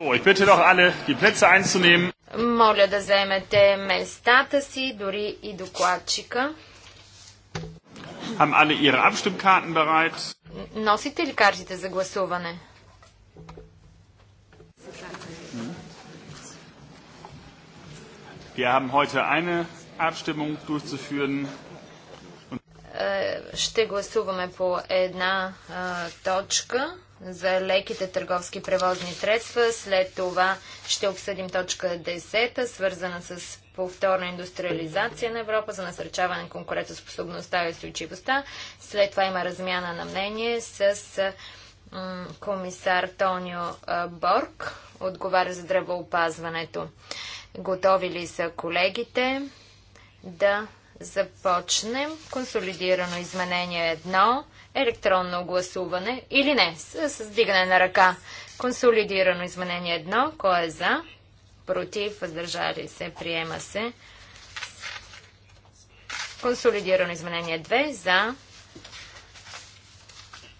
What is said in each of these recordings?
Oh, Моля да заемете местата си, дори и докладчика. Носите ли картите за гласуване? Wir haben heute eine Abstimmung durchzuführen. Е, ще гласуваме по една точка за леките търговски превозни средства. След това ще обсъдим точка 10, свързана с повторна индустриализация на Европа за насърчаване на конкурентоспособността и устойчивостта. След това има размяна на мнение с комисар Тонио Борг, отговаря за здравеопазването. Готови ли са колегите да започнем? Консолидирано изменение едно електронно гласуване или не, с, с на ръка. Консолидирано изменение 1. Кой е за? Против? Въздържали се? Приема се. Консолидирано изменение 2. За?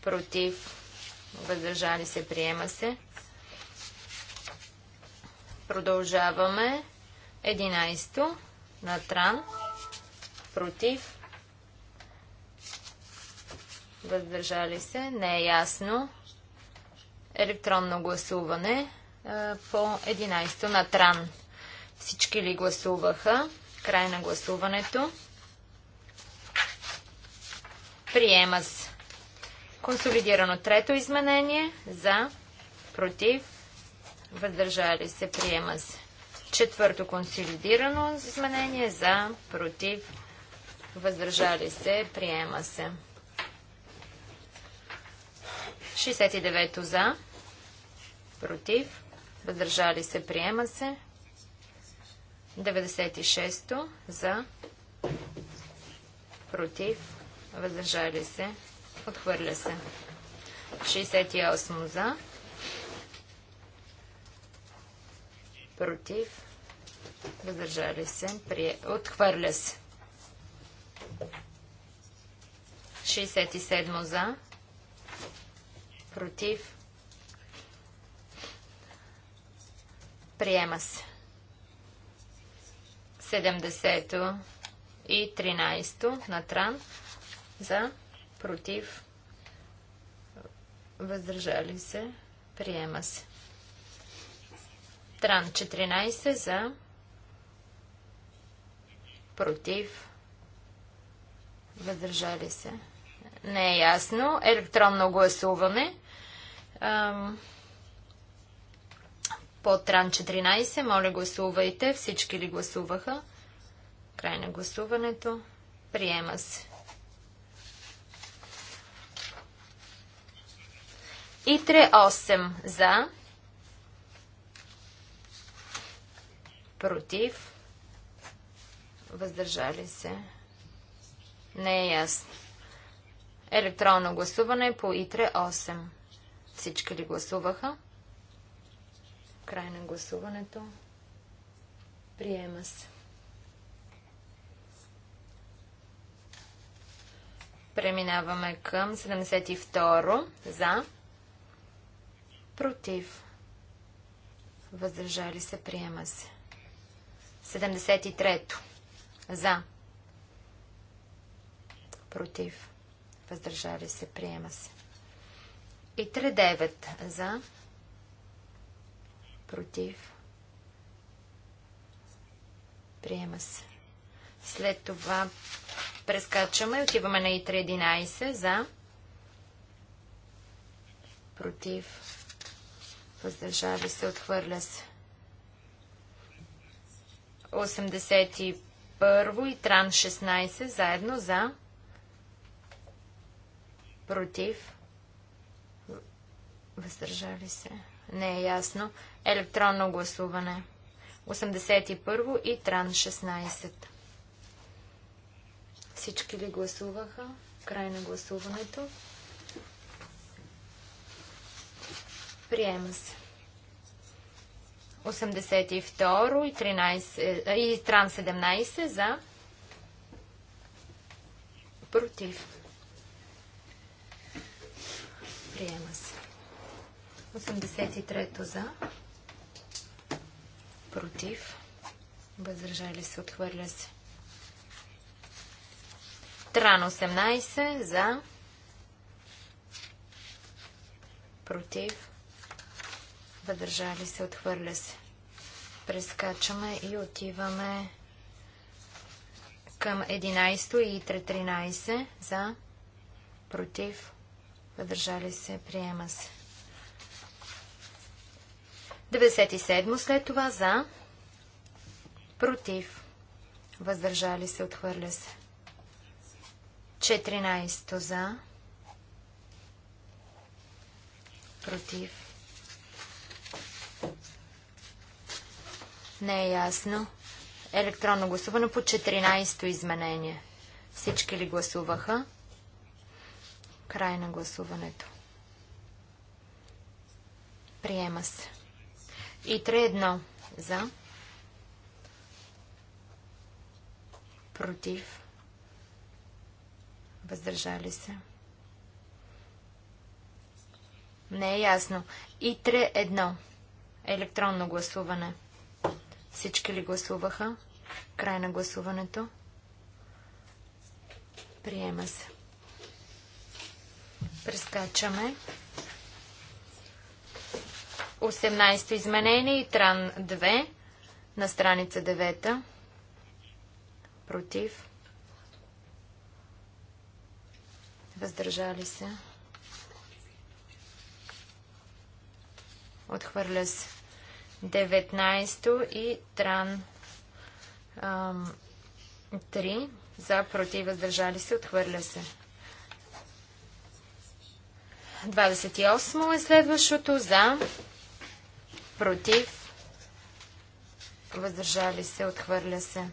Против? Въздържали се? Приема се. Продължаваме. 11. На тран. Против? въздържали се, не е ясно. Електронно гласуване по 11 на Тран. Всички ли гласуваха? Край на гласуването. Приема се. Консолидирано трето изменение. За. Против. Въздържали се. Приема се. Четвърто консолидирано изменение. За. Против. Въздържали се. Приема се. 69 за, против, въздържали се, приема се. 96 за, против, въздържали се, отхвърля се. 68 за, против, въздържали се, отхвърля се. 67 за, против, против, приема се. 70 и 13 на Тран за, против, въздържали се, приема се. Тран 14 за, против, въздържали се. Не е ясно. Електронно гласуване под ран 14, моля гласувайте. Всички ли гласуваха? Край на гласуването. Приема се. Итре 8 за. Против. Въздържали се. Не е ясно. Електронно гласуване по ИТРЕ 8. Всички ли гласуваха? Край на гласуването. Приема се. Преминаваме към 72. За. Против. Въздържали се. Приема се. 73. За. Против. Въздържали се. Приема се. И 3-9 за. Против. Приема се. След това прескачаме и отиваме на и 11 за. Против. Въздържава се. Отхвърля се. 81 и Тран 16 заедно за. Против Въздържали се. Не е ясно. Електронно гласуване. 81 и Тран 16. Всички ли гласуваха? Край на гласуването. Приема се. 82 и, 13, и Тран 17 за против. Приема се. 83-то за. Против. Въздържали се. Отхвърля се. Тран 18 за. Против. Въздържали се. Отхвърля се. Прескачаме и отиваме към 11 и 13 за. Против. Въздържали се. Приема се. 97 след това за, против, въздържали се, отхвърля се. 14 за, против. Не е ясно. Електронно гласуване по 14-то изменение. Всички ли гласуваха? Край на гласуването. Приема се. И 3-1 за. Против. Въздържали се. Не е ясно. И 3-1. Електронно гласуване. Всички ли гласуваха? Край на гласуването. Приема се. Прескачаме. 18 изменение и тран 2 на страница 9. Против. Въздържали се. Отхвърля се. 19 и тран ам, 3 за против въздържали се. Отхвърля се. 28 е следващото за против, въздържали се, отхвърля се.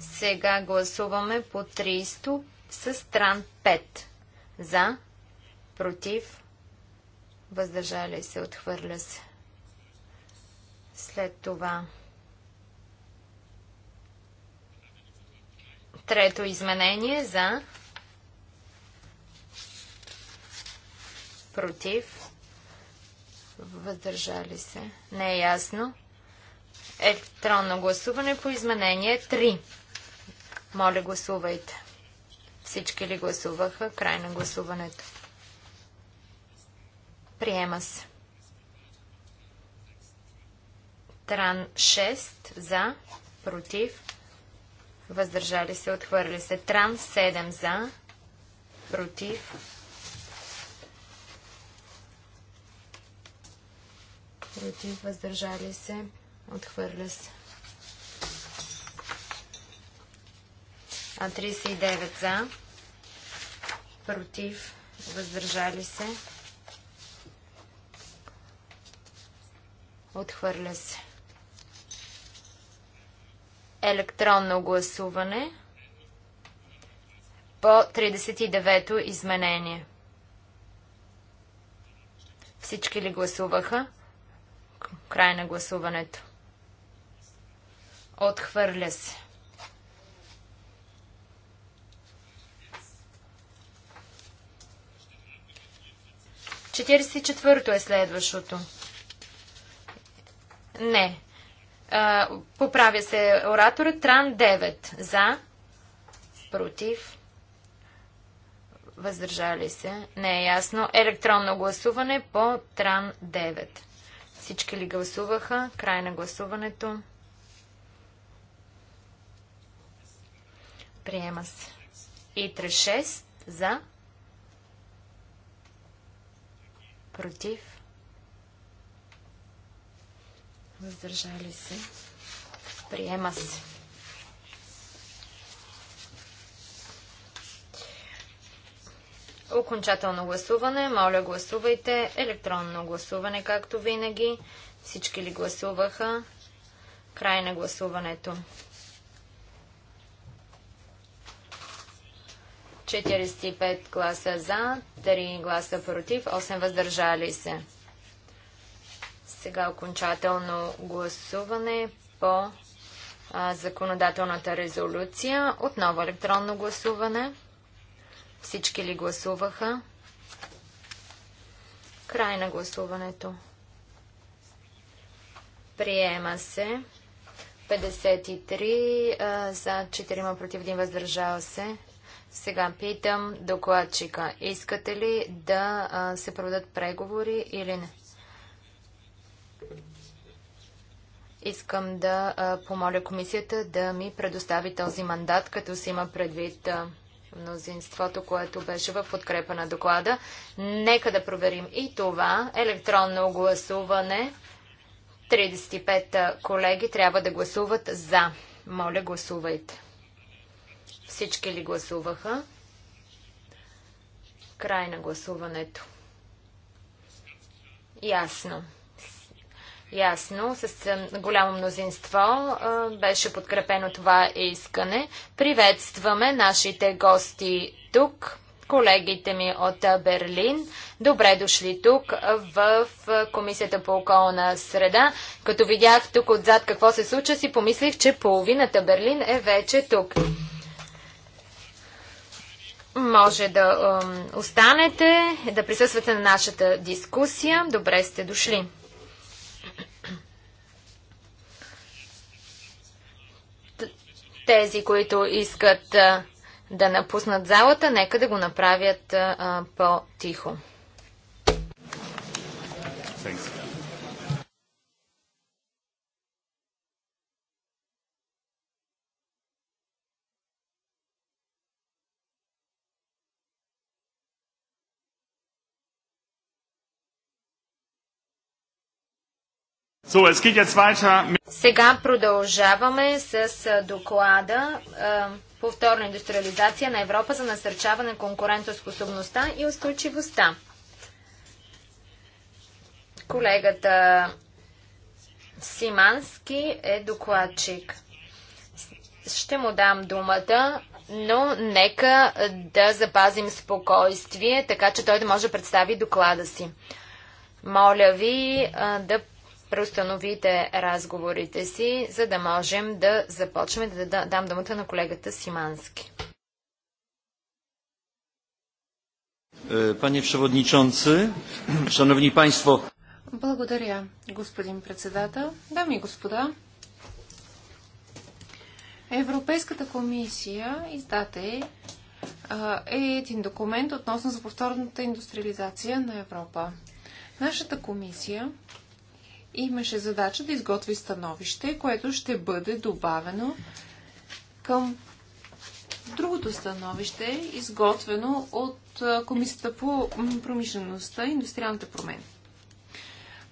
Сега гласуваме по 300 с стран 5. За, против, въздържали се, отхвърля се. След това трето изменение за против, въздържали се. Не е ясно. Електронно гласуване по изменение 3. Моля, гласувайте. Всички ли гласуваха? Край на гласуването. Приема се. Тран 6 за, против, въздържали се, отхвърли се. Тран 7 за, против, против, въздържали се, отхвърля се. А 39 за, против, въздържали се, отхвърля се. Електронно гласуване по 39-то изменение. Всички ли гласуваха? Край на гласуването. Отхвърля се. Четиридесет четвърто е следващото. Не. А, поправя се оратора. Тран 9. За. Против. Въздържали се. Не е ясно. Електронно гласуване по Тран 9. Всички ли гласуваха? Край на гласуването. Приема се. И 36 за. Против. Въздържали се. Приема се. Окончателно гласуване. Моля, гласувайте. Електронно гласуване, както винаги. Всички ли гласуваха? Край на гласуването. 45 гласа за, 3 гласа против, 8 въздържали се. Сега окончателно гласуване по а, законодателната резолюция. Отново електронно гласуване. Всички ли гласуваха? Край на гласуването. Приема се. 53 за 4 против 1 въздържава се. Сега питам докладчика. Искате ли да се проведат преговори или не? Искам да помоля комисията да ми предостави този мандат, като се има предвид а, мнозинството, което беше в подкрепа на доклада. Нека да проверим и това. Електронно гласуване. 35 колеги трябва да гласуват за. Моля, гласувайте. Всички ли гласуваха? Край на гласуването. Ясно ясно, с голямо мнозинство беше подкрепено това искане. Приветстваме нашите гости тук, колегите ми от Берлин. Добре дошли тук в Комисията по околна среда. Като видях тук отзад какво се случва, си помислих, че половината Берлин е вече тук. Може да останете, да присъствате на нашата дискусия. Добре сте дошли. Тези, които искат да напуснат залата, нека да го направят по-тихо. Thanks. Сега продължаваме с доклада повторна индустриализация на Европа за насърчаване на конкурентоспособността и устойчивостта. Колегата Симански е докладчик. Ще му дам думата, но нека да запазим спокойствие, така че той да може да представи доклада си. Моля ви да преустановите разговорите си, за да можем да започнем да дам думата на колегата Симански. Е, пане Przewodniczący, шановни панство, Благодаря, господин председател. Дами и господа, Европейската комисия издате, е един документ относно за повторната индустриализация на Европа. Нашата комисия имаше задача да изготви становище, което ще бъде добавено към другото становище, изготвено от Комисията по промишлеността и индустриалните промени.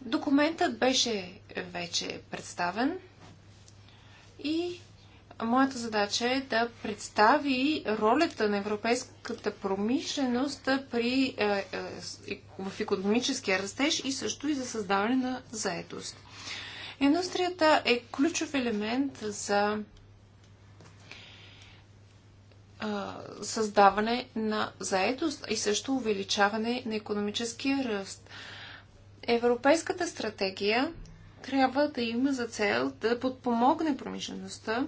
Документът беше вече представен и моята задача е да представи ролята на европейската промишленост при, е, е, в економическия растеж и също и за създаване на заетост. Индустрията е ключов елемент за е, създаване на заетост и също увеличаване на економическия ръст. Европейската стратегия трябва да има за цел да подпомогне промишлеността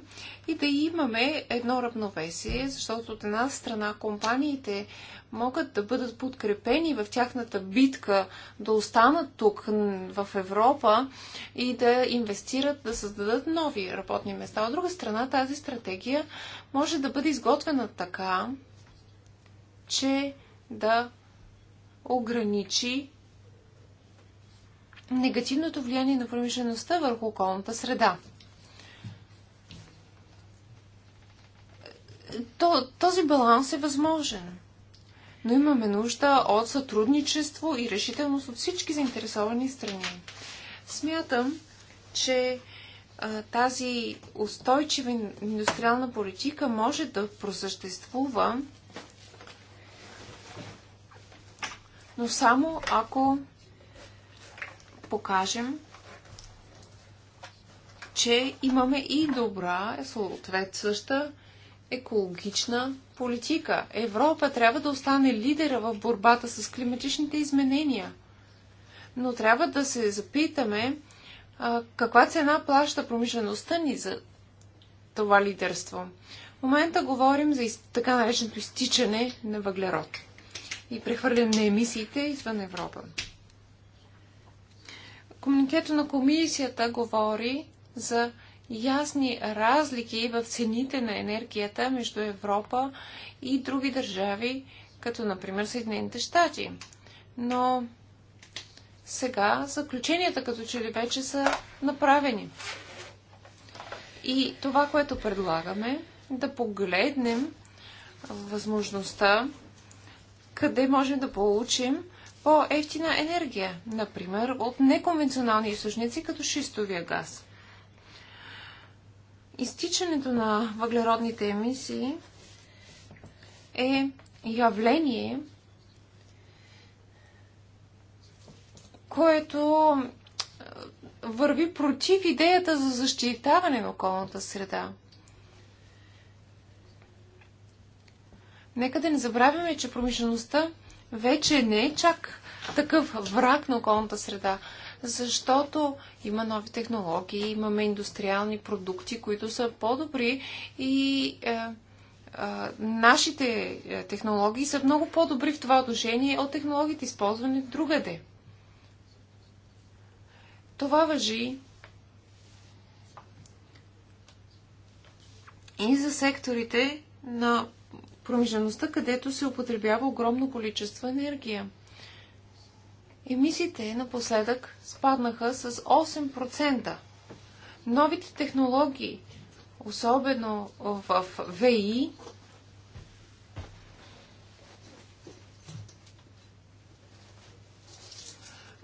и да имаме едно равновесие, защото от една страна компаниите могат да бъдат подкрепени в тяхната битка да останат тук в Европа и да инвестират, да създадат нови работни места. От друга страна тази стратегия може да бъде изготвена така, че да ограничи негативното влияние на промишлеността върху околната среда. То, този баланс е възможен. Но имаме нужда от сътрудничество и решителност от всички заинтересовани страни. Смятам, че а, тази устойчива индустриална политика може да просъществува, но само ако покажем, че имаме и добра, съответстваща екологична политика. Европа трябва да остане лидера в борбата с климатичните изменения. Но трябва да се запитаме а, каква цена плаща промишлеността ни за това лидерство. В момента говорим за из... така нареченото изтичане на въглерод и прехвърляне на емисиите извън Европа. Комуникето на комисията говори за ясни разлики в цените на енергията между Европа и други държави, като например Съединените щати. Но сега заключенията като че ли вече са направени. И това, което предлагаме, да погледнем възможността къде можем да получим по-ефтина енергия, например от неконвенционални източници, като шистовия газ. Изтичането на въглеродните емисии е явление, което върви против идеята за защитаване на околната среда. Нека да не забравяме, че промишлеността вече не е чак такъв враг на околната среда, защото има нови технологии, имаме индустриални продукти, които са по-добри и е, е, нашите е, технологии са много по-добри в това отношение от технологиите, използвани другаде. Това въжи и за секторите на промишлеността, където се употребява огромно количество енергия. Емисиите напоследък спаднаха с 8%. Новите технологии, особено в ВИ,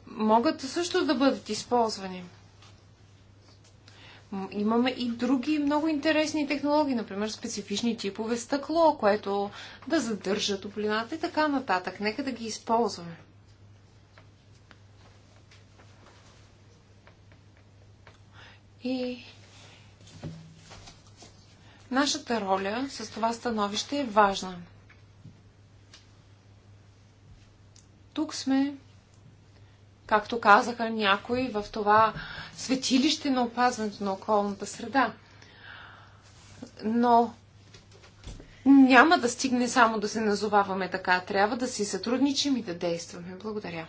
могат също да бъдат използвани. Имаме и други много интересни технологии, например специфични типове стъкло, което да задържа топлината и така нататък. Нека да ги използваме. И нашата роля с това становище е важна. Тук сме, както казаха някои, в това светилище на опазването на околната среда. Но няма да стигне само да се назоваваме така. Трябва да си сътрудничим и да действаме. Благодаря.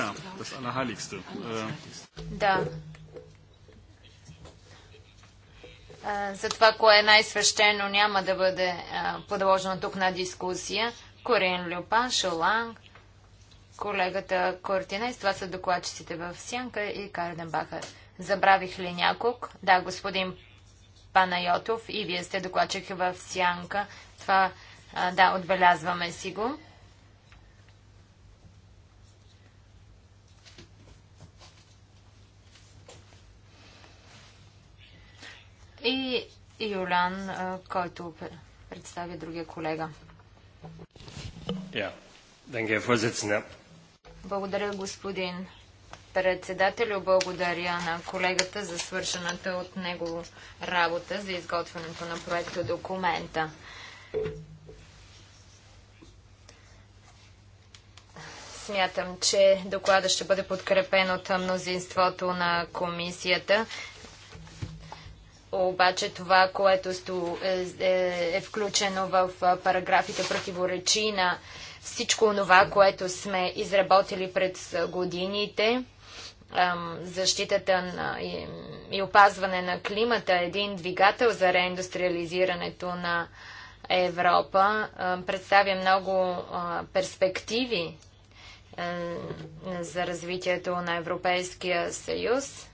Ja, das Allerheiligste. Äh, да. Äh, за това, кое е най-свещено, няма да бъде äh, подложено тук на дискусия. Корен Люпан, Шоланг, колегата Кортина и с това са докладчиците в Сянка и Карденбаха. Забравих ли няког? Да, господин Панайотов и вие сте докладчик в Сянка. Това, да, отбелязваме си го. И Юлян, който представя другия колега. Yeah. Danke, Herr благодаря, господин председателю. Благодаря на колегата за свършената от него работа за изготвянето на проекта документа. Смятам, че доклада ще бъде подкрепен от мнозинството на комисията. Обаче това, което е, е, е включено в параграфите, противоречи на всичко това, което сме изработили пред годините. Защитата на и опазване на климата е един двигател за реиндустриализирането на Европа. Представя много перспективи е, за развитието на Европейския съюз.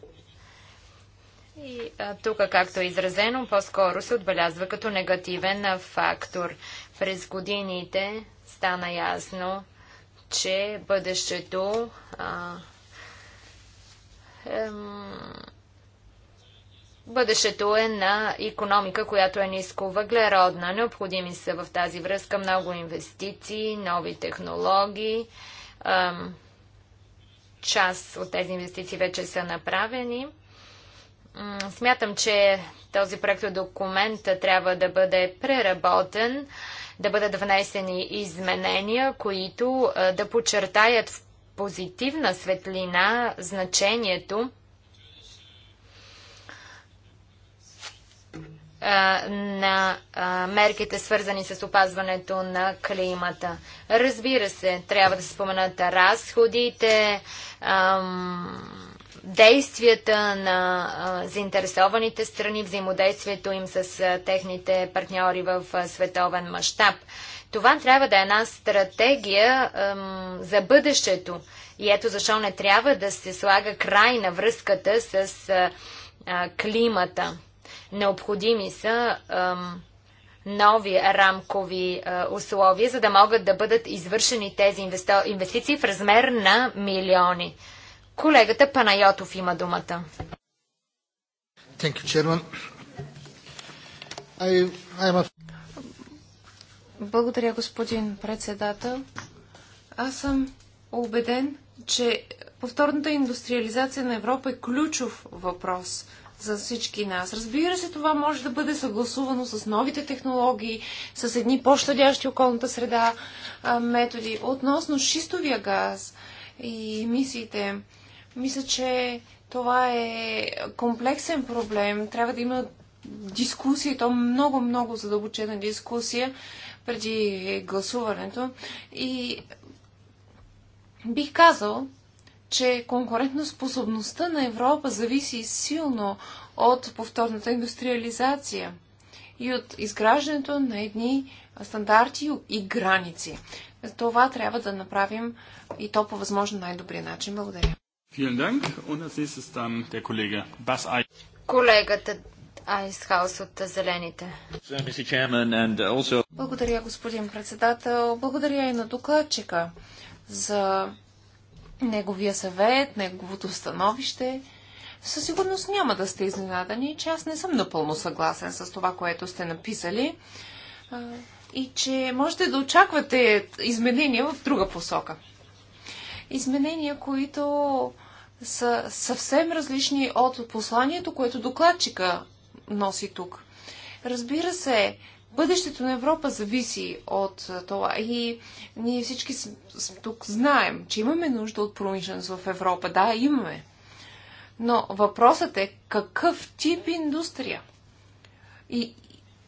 И тук, както е изразено, по-скоро се отбелязва като негативен фактор. През годините стана ясно, че бъдещето а, ем, бъдещето е на економика, която е ниско въглеродна. Необходими са в тази връзка много инвестиции, нови технологии. част от тези инвестиции вече са направени. Смятам, че този проект документ трябва да бъде преработен да бъдат внесени изменения, които да подчертаят в позитивна светлина значението на мерките, свързани с опазването на климата. Разбира се, трябва да се споменат разходите, действията на заинтересованите страни, взаимодействието им с техните партньори в световен мащаб. Това трябва да е една стратегия за бъдещето. И ето защо не трябва да се слага край на връзката с климата. Необходими са нови рамкови условия, за да могат да бъдат извършени тези инвестиции в размер на милиони. Колегата Панайотов има думата. Thank you, Chairman. I, a... Благодаря, господин председател. Аз съм убеден, че повторната индустриализация на Европа е ключов въпрос за всички нас. Разбира се, това може да бъде съгласувано с новите технологии, с едни по-щадящи околната среда методи. Относно шистовия газ и емисиите, мисля, че това е комплексен проблем. Трябва да има дискусия, то много-много задълбочена дискусия преди гласуването. И бих казал, че конкурентоспособността на Европа зависи силно от повторната индустриализация и от изграждането на едни стандарти и граници. Това трябва да направим и то по възможно най-добрия начин. Благодаря. Колегата Айсхаус от Зелените. Uh, Благодаря, господин председател. Благодаря и на докладчика за неговия съвет, неговото становище. Със сигурност няма да сте изненадани, че аз не съм напълно съгласен с това, което сте написали и че можете да очаквате изменения в друга посока. Изменения, които са съвсем различни от посланието, което докладчика носи тук. Разбира се, бъдещето на Европа зависи от това. И ние всички тук знаем, че имаме нужда от промишленост в Европа. Да, имаме. Но въпросът е какъв тип индустрия и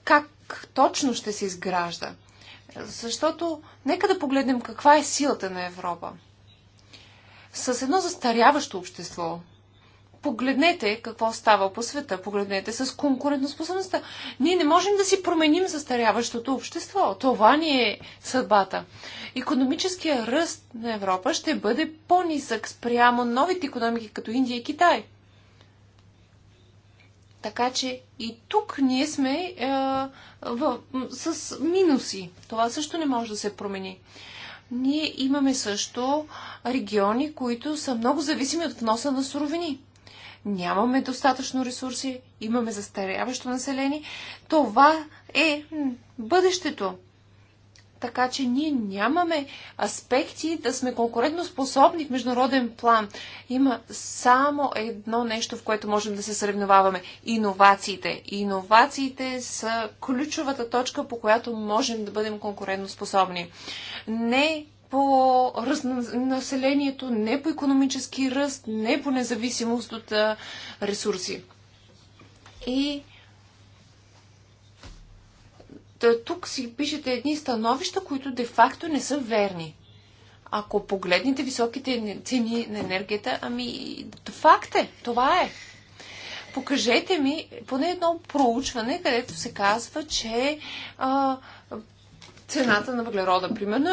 как точно ще се изгражда. Защото нека да погледнем каква е силата на Европа с едно застаряващо общество. Погледнете какво става по света, погледнете с конкурентоспособността. Ние не можем да си променим застаряващото общество. Това ни е съдбата. Економическия ръст на Европа ще бъде по-нисък спрямо новите економики, като Индия и Китай. Така че и тук ние сме е, в, с минуси. Това също не може да се промени ние имаме също региони, които са много зависими от вноса на суровини. Нямаме достатъчно ресурси, имаме застаряващо население. Това е бъдещето. Така че ние нямаме аспекти да сме конкурентоспособни в международен план. Има само едно нещо, в което можем да се съревноваваме. Иновациите. Иновациите са ключовата точка, по която можем да бъдем конкурентоспособни. Не по ръст на населението, не по економически ръст, не по независимост от ресурси. И Та, е, тук си пишете едни становища, които де-факто не са верни. Ако погледнете високите цени на енергията, ами факт е, това е. Покажете ми поне едно проучване, където се казва, че а, цената на въглерода, примерно,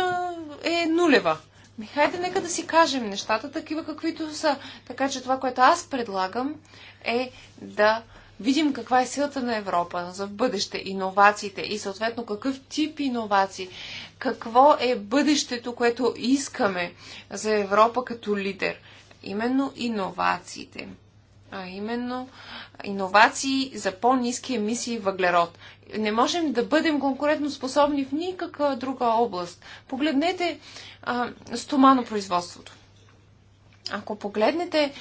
е нулева. Ми хайде, нека да си кажем нещата такива, каквито са. Така че това, което аз предлагам, е да видим каква е силата на Европа за бъдеще, иновациите и съответно какъв тип иновации, какво е бъдещето, което искаме за Европа като лидер. Именно иновациите. А именно иновации за по-низки емисии въглерод. Не можем да бъдем конкурентно способни в никаква друга област. Погледнете а, стоманопроизводството. Ако погледнете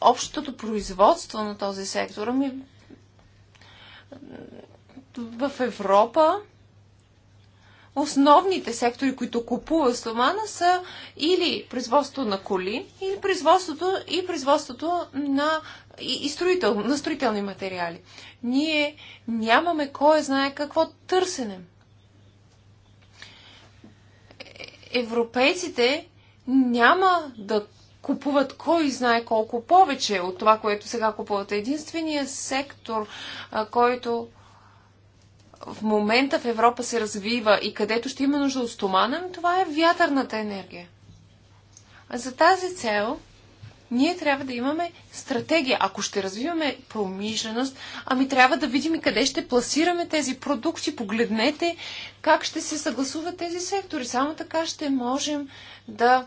общото производство на този сектор. Ами, в Европа основните сектори, които купува стомана са или производство на коли, или производството и производството на, и, и строител, на строителни материали. Ние нямаме кой знае какво търсене. Европейците няма да купуват кой знае колко повече от това, което сега купуват. Единственият сектор, който в момента в Европа се развива и където ще има нужда от стомана, това е вятърната енергия. А за тази цел ние трябва да имаме стратегия. Ако ще развиваме промишленост, ами трябва да видим и къде ще пласираме тези продукти. Погледнете как ще се съгласуват тези сектори. Само така ще можем да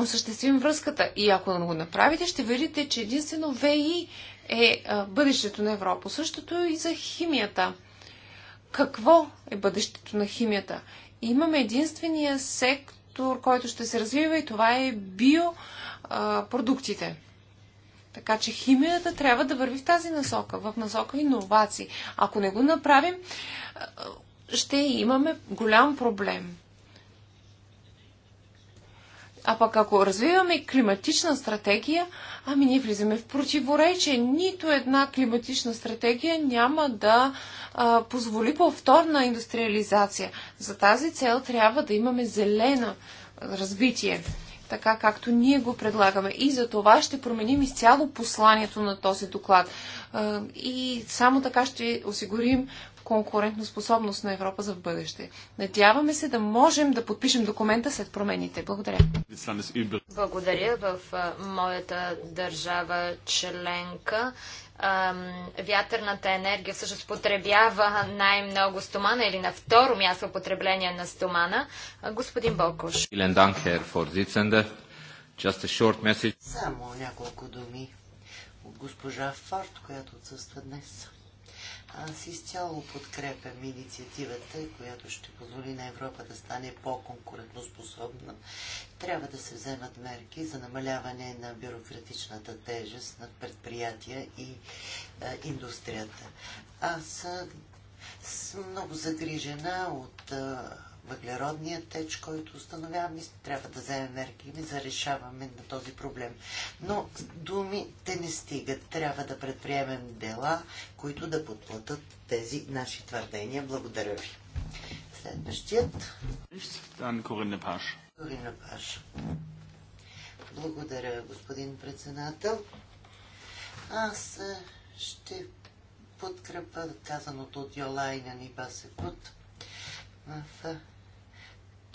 осъществим връзката. И ако го направите, ще видите, че единствено ВИ е бъдещето на Европа. Същото и за химията. Какво е бъдещето на химията? Имаме единствения сектор, който ще се развива и това е биопродуктите. Така че химията трябва да върви в тази насока, в насока иновации. Ако не го направим, ще имаме голям проблем. А пък ако развиваме климатична стратегия, ами ние влизаме в противоречие. Нито една климатична стратегия няма да а, позволи повторна индустриализация. За тази цел трябва да имаме зелена развитие, така както ние го предлагаме. И за това ще променим изцяло посланието на този доклад. И само така ще осигурим конкурентоспособност на Европа за в бъдеще. Надяваме се да можем да подпишем документа след промените. Благодаря. Благодаря. В моята държава членка вятърната енергия всъщност потребява най-много стомана или на второ място потребление на стомана. Господин Бокош. Само няколко думи от госпожа Форд, която отсъства днес. Аз изцяло подкрепям инициативата, която ще позволи на Европа да стане по-конкурентоспособна. Трябва да се вземат мерки за намаляване на бюрократичната тежест на предприятия и а, е, индустрията. Аз съм много загрижена от а, е, Въглеродният теч, който установяваме, трябва да вземем мерки за решаваме на този проблем. Но думите не стигат. Трябва да предприемем дела, които да подплатат тези наши твърдения. Благодаря ви. Следващият. Корина Паш. Корина Паш. Благодаря, господин председател. Аз е, ще подкрепа казаното от Йолайна Нибасекут в е,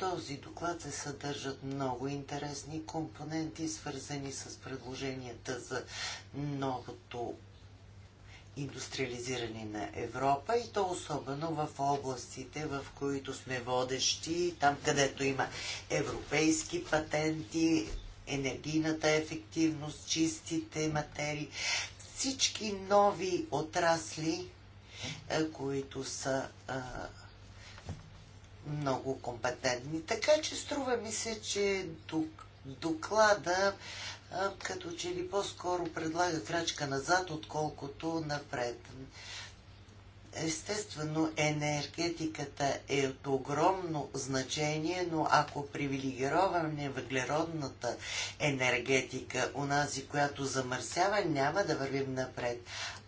този доклад се съдържат много интересни компоненти, свързани с предложенията за новото индустриализиране на Европа и то особено в областите, в които сме водещи, там където има европейски патенти, енергийната ефективност, чистите материи, всички нови отрасли, които са много компетентни. Така че струва ми се, че доклада като че ли по-скоро предлага крачка назад, отколкото напред. Естествено, енергетиката е от огромно значение, но ако привилегироваме въглеродната енергетика, унази, която замърсява, няма да вървим напред.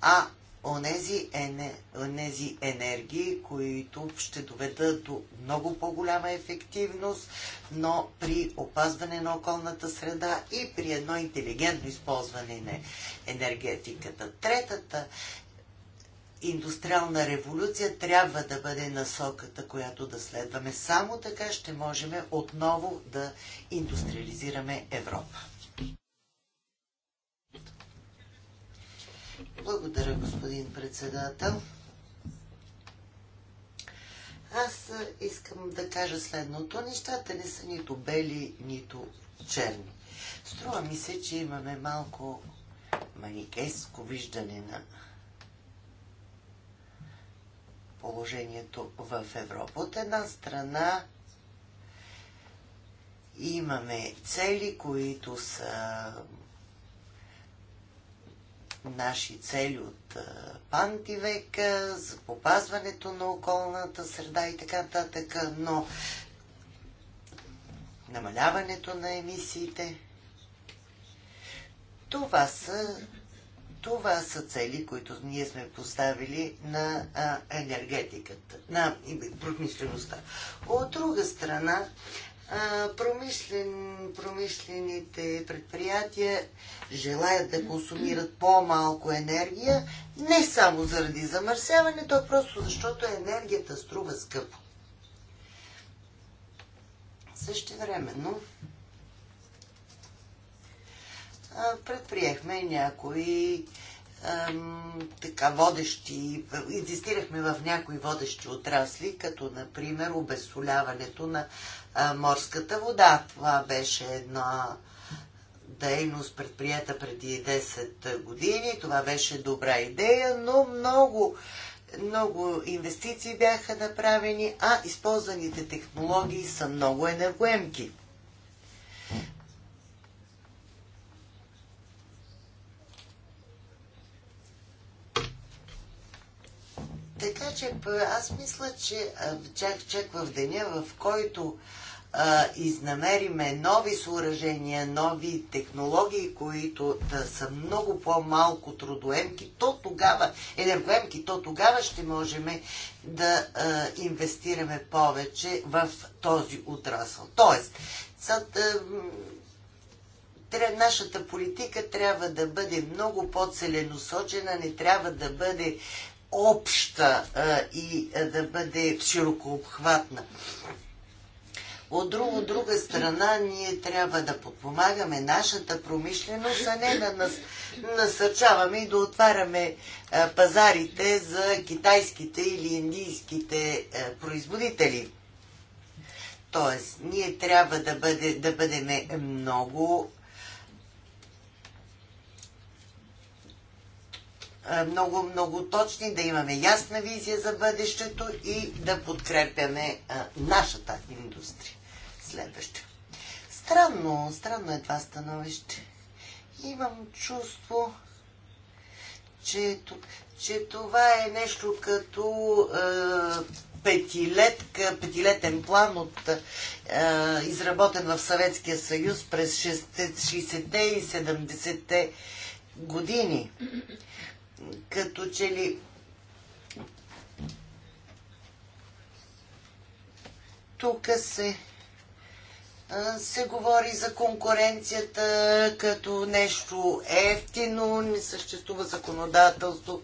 А онези, ене, онези енергии, които ще доведат до много по-голяма ефективност, но при опазване на околната среда и при едно интелигентно използване на енергетиката. Третата индустриална революция трябва да бъде насоката, която да следваме. Само така ще можем отново да индустриализираме Европа. Благодаря, господин председател. Аз искам да кажа следното. Нещата не са нито бели, нито черни. Струва ми се, че имаме малко маникейско виждане на положението в Европа. От една страна имаме цели, които са наши цели от пантивека, за попазването на околната среда и така нататък, но намаляването на емисиите. Това са, това са цели, които ние сме поставили на енергетиката, на промишлеността. От друга страна, промислен, промислените предприятия желаят да консумират по-малко енергия, не само заради замърсяването, а просто защото енергията струва скъпо. времено предприехме някои така водещи, инзистирахме в някои водещи отрасли, като например обесоляването на морската вода. Това беше една дейност предприята преди 10 години. Това беше добра идея, но много, много инвестиции бяха направени, а използваните технологии са много енергоемки. Така че аз мисля, че чак, чак в деня, в който а, изнамериме нови съоръжения, нови технологии, които да са много по-малко трудоемки, то тогава, енергоемки, то тогава ще можем да а, инвестираме повече в този отрасъл. Тоест, сад, а, нашата политика трябва да бъде много по-целенасочена, не трябва да бъде обща и да бъде широко обхватна. От, друга, от друга страна, ние трябва да подпомагаме нашата промишленост, а не да нас, насърчаваме и да отваряме а, пазарите за китайските или индийските а, производители. Тоест, ние трябва да, бъде, да бъдем много Е, много, много точни, да имаме ясна визия за бъдещето и да подкрепяме е, нашата индустрия. Следващо. Странно, странно е това становище. Имам чувство, че, че това е нещо като е, петилетка, петилетен план от е, изработен в Съветския съюз през 60-те и 70-те години като че ли тук се се говори за конкуренцията като нещо ефтино, не съществува законодателство.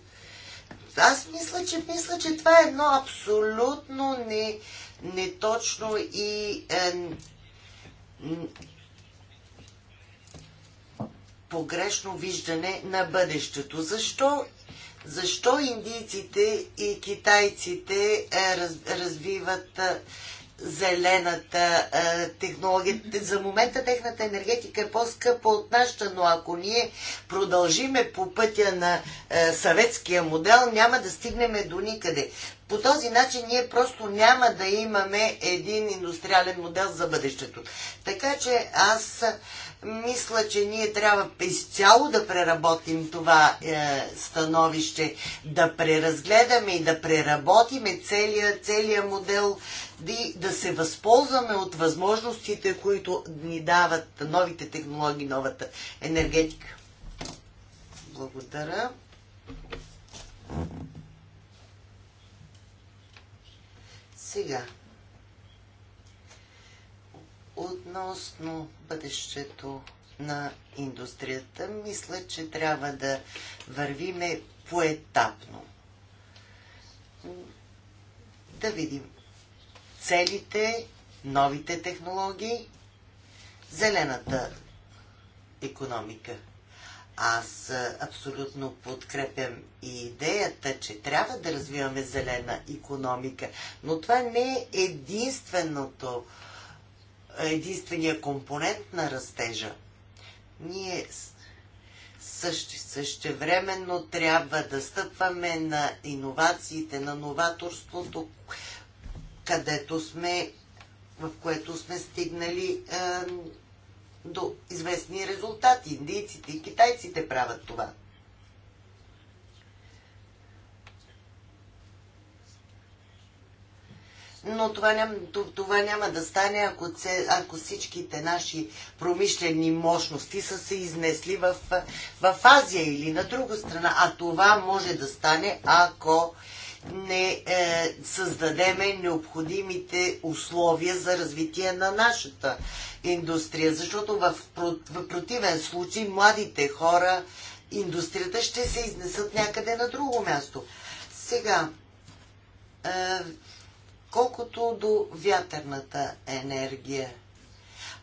Аз мисля, че, мисля, че това е едно абсолютно не, неточно и е, погрешно виждане на бъдещето. Защо, защо индийците и китайците е, раз, развиват е, зелената е, технология. За момента техната енергетика е по-скъпа от нашата, но ако ние продължиме по пътя на съветския модел, няма да стигнем до никъде. По този начин ние просто няма да имаме един индустриален модел за бъдещето. Така че аз мисля, че ние трябва изцяло да преработим това е, становище, да преразгледаме и да преработиме целия, целия модел да, да се възползваме от възможностите, които ни дават новите технологии, новата енергетика. Благодаря. Сега. Относно бъдещето на индустрията, мисля, че трябва да вървиме поетапно. Да видим целите, новите технологии, зелената економика. Аз абсолютно подкрепям и идеята, че трябва да развиваме зелена економика, но това не е единственото единствения компонент на растежа. Ние също, същевременно трябва да стъпваме на иновациите, на новаторството, където сме, в което сме стигнали е, до известни резултати. Индийците и китайците правят това. но това няма, това няма да стане, ако, це, ако всичките наши промишлени мощности са се изнесли в, в Азия или на друга страна. А това може да стане, ако не е, създадеме необходимите условия за развитие на нашата индустрия. Защото в, в противен случай младите хора, индустрията ще се изнесат някъде на друго място. Сега, е, Колкото до вятърната енергия.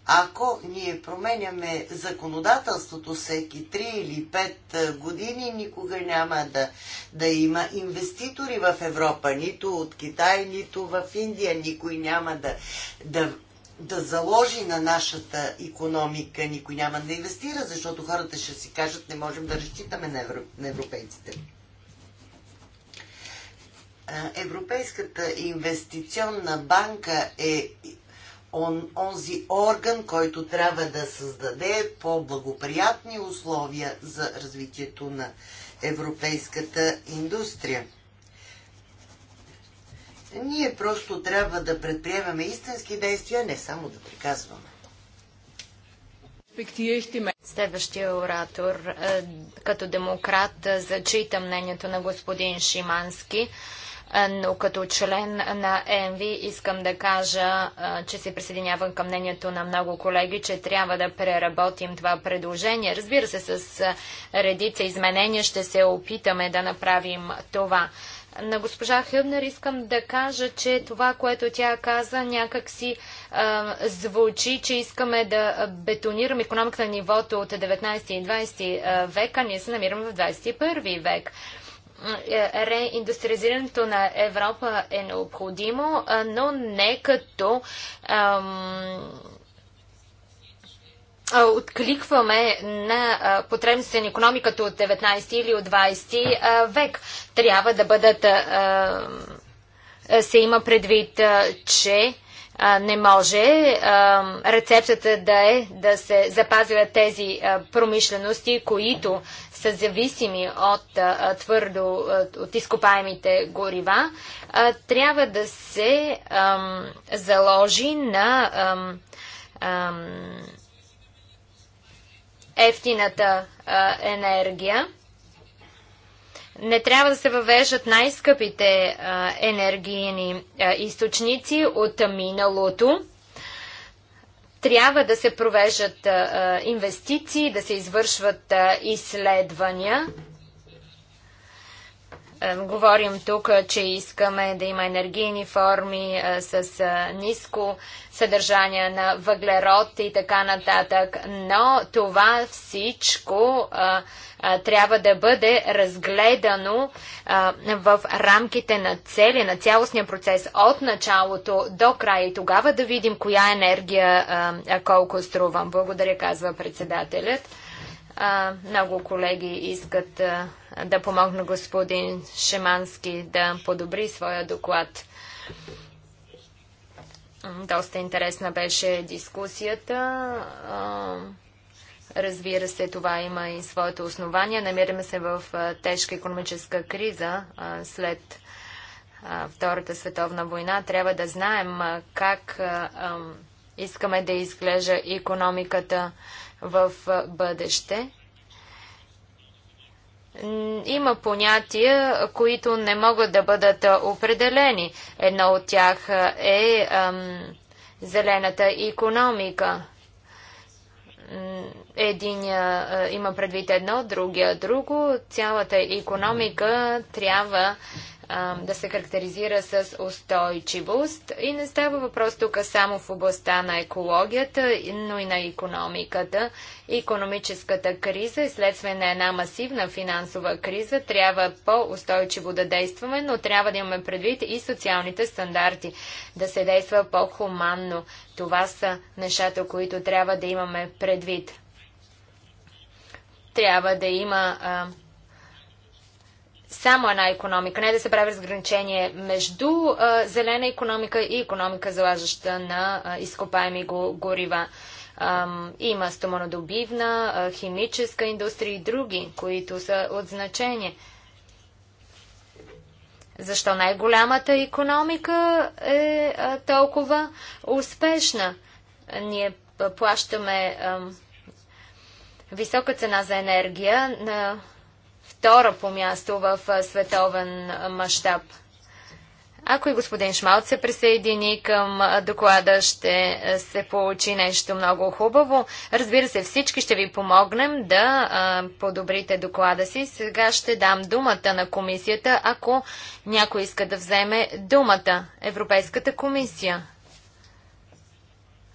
Ако ние променяме законодателството всеки 3 или 5 години, никога няма да, да има инвеститори в Европа, нито от Китай, нито в Индия. Никой няма да, да, да заложи на нашата економика, никой няма да инвестира, защото хората ще си кажат, не можем да разчитаме на, евро, на европейците. Е, европейската инвестиционна банка е он, онзи орган, който трябва да създаде по-благоприятни условия за развитието на европейската индустрия. Ние просто трябва да предприемаме истински действия, не само да приказваме. Следващия оратор, е, като демократ, е, зачита мнението на господин Шимански но като член на ЕМВ искам да кажа, че се присъединявам към мнението на много колеги, че трябва да преработим това предложение. Разбира се, с редица изменения ще се опитаме да направим това. На госпожа Хюбнер искам да кажа, че това, което тя каза, някак си звучи, че искаме да бетонираме економиката на нивото от 19 и 20 века. Ние се намираме в 21 век. Е, реиндустриализирането на Европа е необходимо, но не като ам, откликваме на потребностите на економиката от 19 или от 20 век. Трябва да бъдат се има предвид, че не може рецептата да е да се запазят тези промишлености, които са зависими от а, твърдо, от изкопаемите горива, а, трябва да се ам, заложи на ам, ам, ефтината а, енергия. Не трябва да се въвеждат най-скъпите енергийни източници от миналото трябва да се провеждат инвестиции, да се извършват изследвания. Говорим тук, че искаме да има енергийни форми е, с е, ниско съдържание на въглерод и така нататък, но това всичко е, трябва да бъде разгледано в рамките на цели, на цялостния процес от началото до края и тогава да видим коя енергия колко струва. Благодаря, казва председателят. А, много колеги искат а, да помогна господин Шемански да подобри своя доклад. Доста интересна беше дискусията. А, Разбира се, това има и своето основание. Намираме се в тежка економическа криза след Втората световна война. Трябва да знаем как искаме да изглежда економиката в бъдеще. Има понятия, които не могат да бъдат определени. Едно от тях е ам, зелената економика. Един има предвид едно, другия друго. Цялата економика трябва а, да се характеризира с устойчивост. И не става въпрос тук само в областта на екологията, но и на економиката. Економическата криза и е следствие на една масивна финансова криза трябва по-устойчиво да действаме, но трябва да имаме предвид и социалните стандарти, да се действа по-хуманно. Това са нещата, които трябва да имаме предвид. Трябва да има а, само една економика, не да се прави разграничение между а, зелена економика и економика, залажаща на а, изкопаеми го, горива. А, има стоманодобивна, а, химическа индустрия и други, които са от значение. Защо най-голямата економика е а, толкова успешна? Ние плащаме а, висока цена за енергия на втора по място в световен мащаб. Ако и господин Шмалт се присъедини към доклада, ще се получи нещо много хубаво. Разбира се, всички ще ви помогнем да подобрите доклада си. Сега ще дам думата на комисията, ако някой иска да вземе думата. Европейската комисия.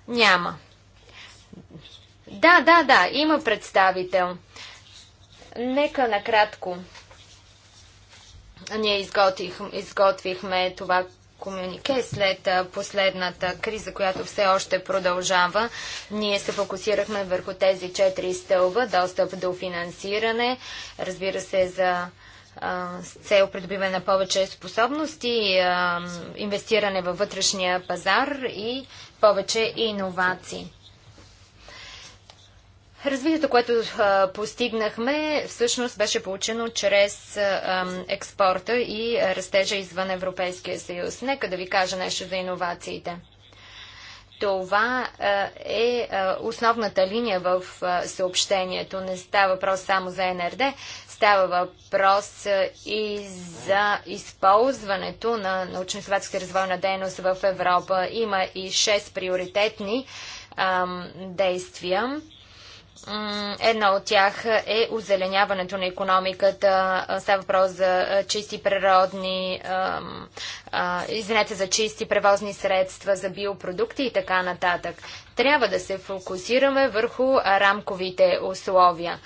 Няма. Да, да, да, има представител. Нека накратко. Ние изготвих, изготвихме това комюнике след последната криза, която все още продължава. Ние се фокусирахме върху тези четири стълба. Достъп до финансиране, разбира се, за с цел придобиване на повече способности, инвестиране във вътрешния пазар и повече иновации. Развитието, което а, постигнахме, всъщност беше получено чрез а, експорта и растежа извън Европейския съюз. Нека да ви кажа нещо за иновациите. Това а, е основната линия в съобщението. Не става въпрос само за НРД, става въпрос и за използването на научно-изследователска развойна дейност в Европа. Има и 6 приоритетни действия Една от тях е озеленяването на економиката. Става въпрос за чисти природни, извинете, за чисти превозни средства, за биопродукти и така нататък. Трябва да се фокусираме върху рамковите условия.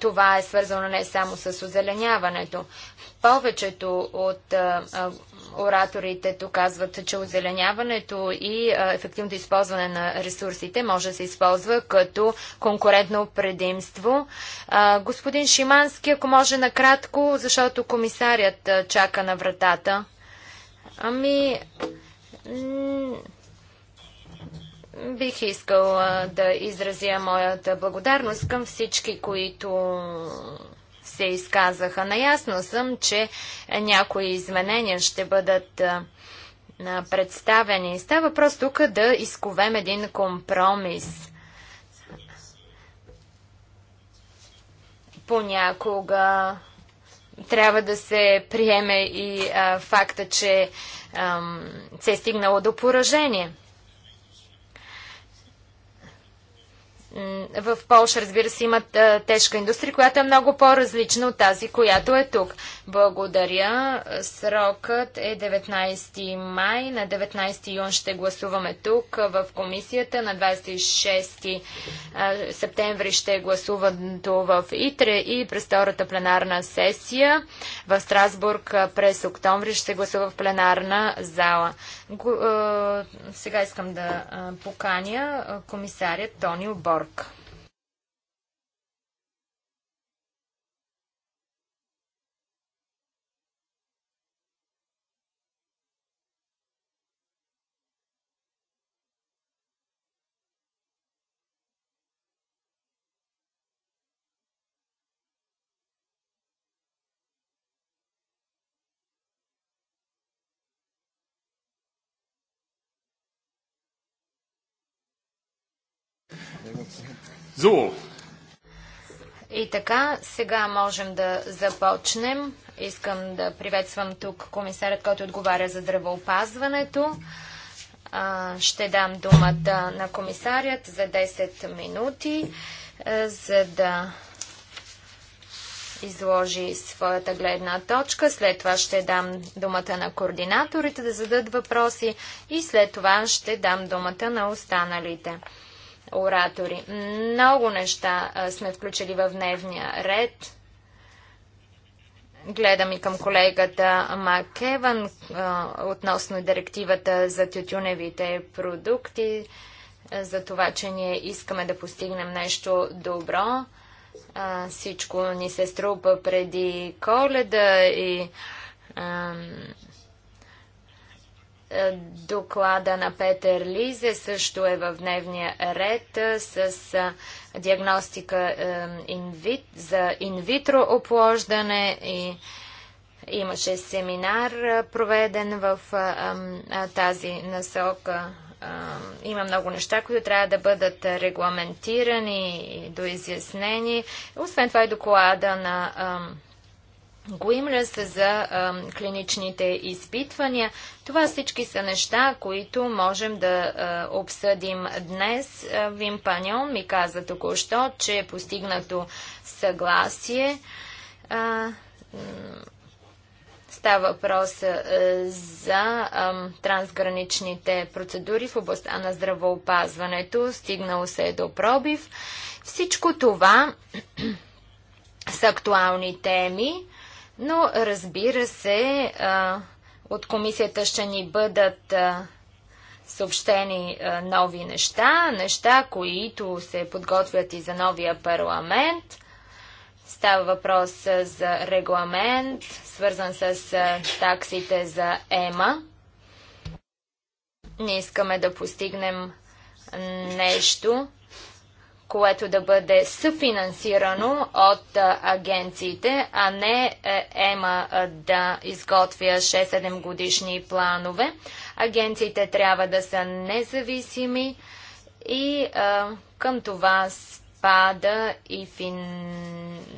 Това е свързано не само с озеленяването. Повечето от Ораторите тук казват, че озеленяването и ефективното използване на ресурсите може да се използва като конкурентно предимство. Господин Шимански, ако може накратко, защото комисарят чака на вратата. Ами, бих искал да изразя моята благодарност към всички, които се изказаха. Наясно съм, че някои изменения ще бъдат представени. Става просто тук да изковем един компромис. Понякога трябва да се приеме и а, факта, че ам, се е стигнало до поражение. в Польша, разбира се, имат тежка индустрия, която е много по-различна от тази, която е тук. Благодаря. Срокът е 19 май. На 19 юн ще гласуваме тук в комисията. На 26 септември ще гласуването в ИТРЕ и през втората пленарна сесия. В Страсбург през октомври ще гласува в пленарна зала. Сега искам да поканя комисарят Тонио Борг. So. И така, сега можем да започнем. Искам да приветствам тук комисарят, който отговаря за здравеопазването. Ще дам думата на комисарят за 10 минути, за да изложи своята гледна точка. След това ще дам думата на координаторите да зададат въпроси и след това ще дам думата на останалите оратори. Много неща сме включили в дневния ред. Гледам и към колегата Макеван относно директивата за тютюневите продукти, за това, че ние искаме да постигнем нещо добро. Всичко ни се струпа преди коледа и Доклада на Петър Лизе също е в дневния ред с диагностика за инвитро оплождане и имаше семинар проведен в тази насока. Има много неща, които трябва да бъдат регламентирани и доизяснени. Освен това е доклада на се за а, клиничните изпитвания. Това всички са неща, които можем да а, обсъдим днес. Вим Панион ми каза току-що, че е постигнато съгласие. А, става въпрос за трансграничните процедури в областта на здравоопазването. Стигнало се е до пробив. Всичко това са актуални теми но разбира се, от комисията ще ни бъдат съобщени нови неща, неща, които се подготвят и за новия парламент. Става въпрос за регламент, свързан с таксите за ЕМА. Ние искаме да постигнем нещо, което да бъде съфинансирано от агенциите, а не е, ЕМА да изготвя 6-7 годишни планове. Агенциите трябва да са независими и а, към това спада и фин...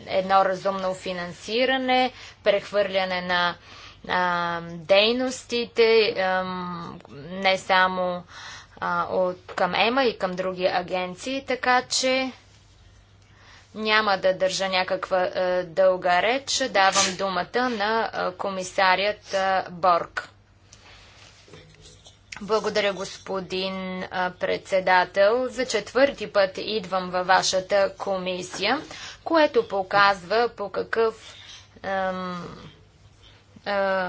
едно разумно финансиране, прехвърляне на дейностите, не само а, от, към ЕМА и към други агенции, така че няма да държа някаква а, е, дълга реч. Давам думата на а, е, комисарият а, е, Борг. Благодаря, господин а, председател. За четвърти път идвам във вашата комисия, което показва по какъв. Е, е,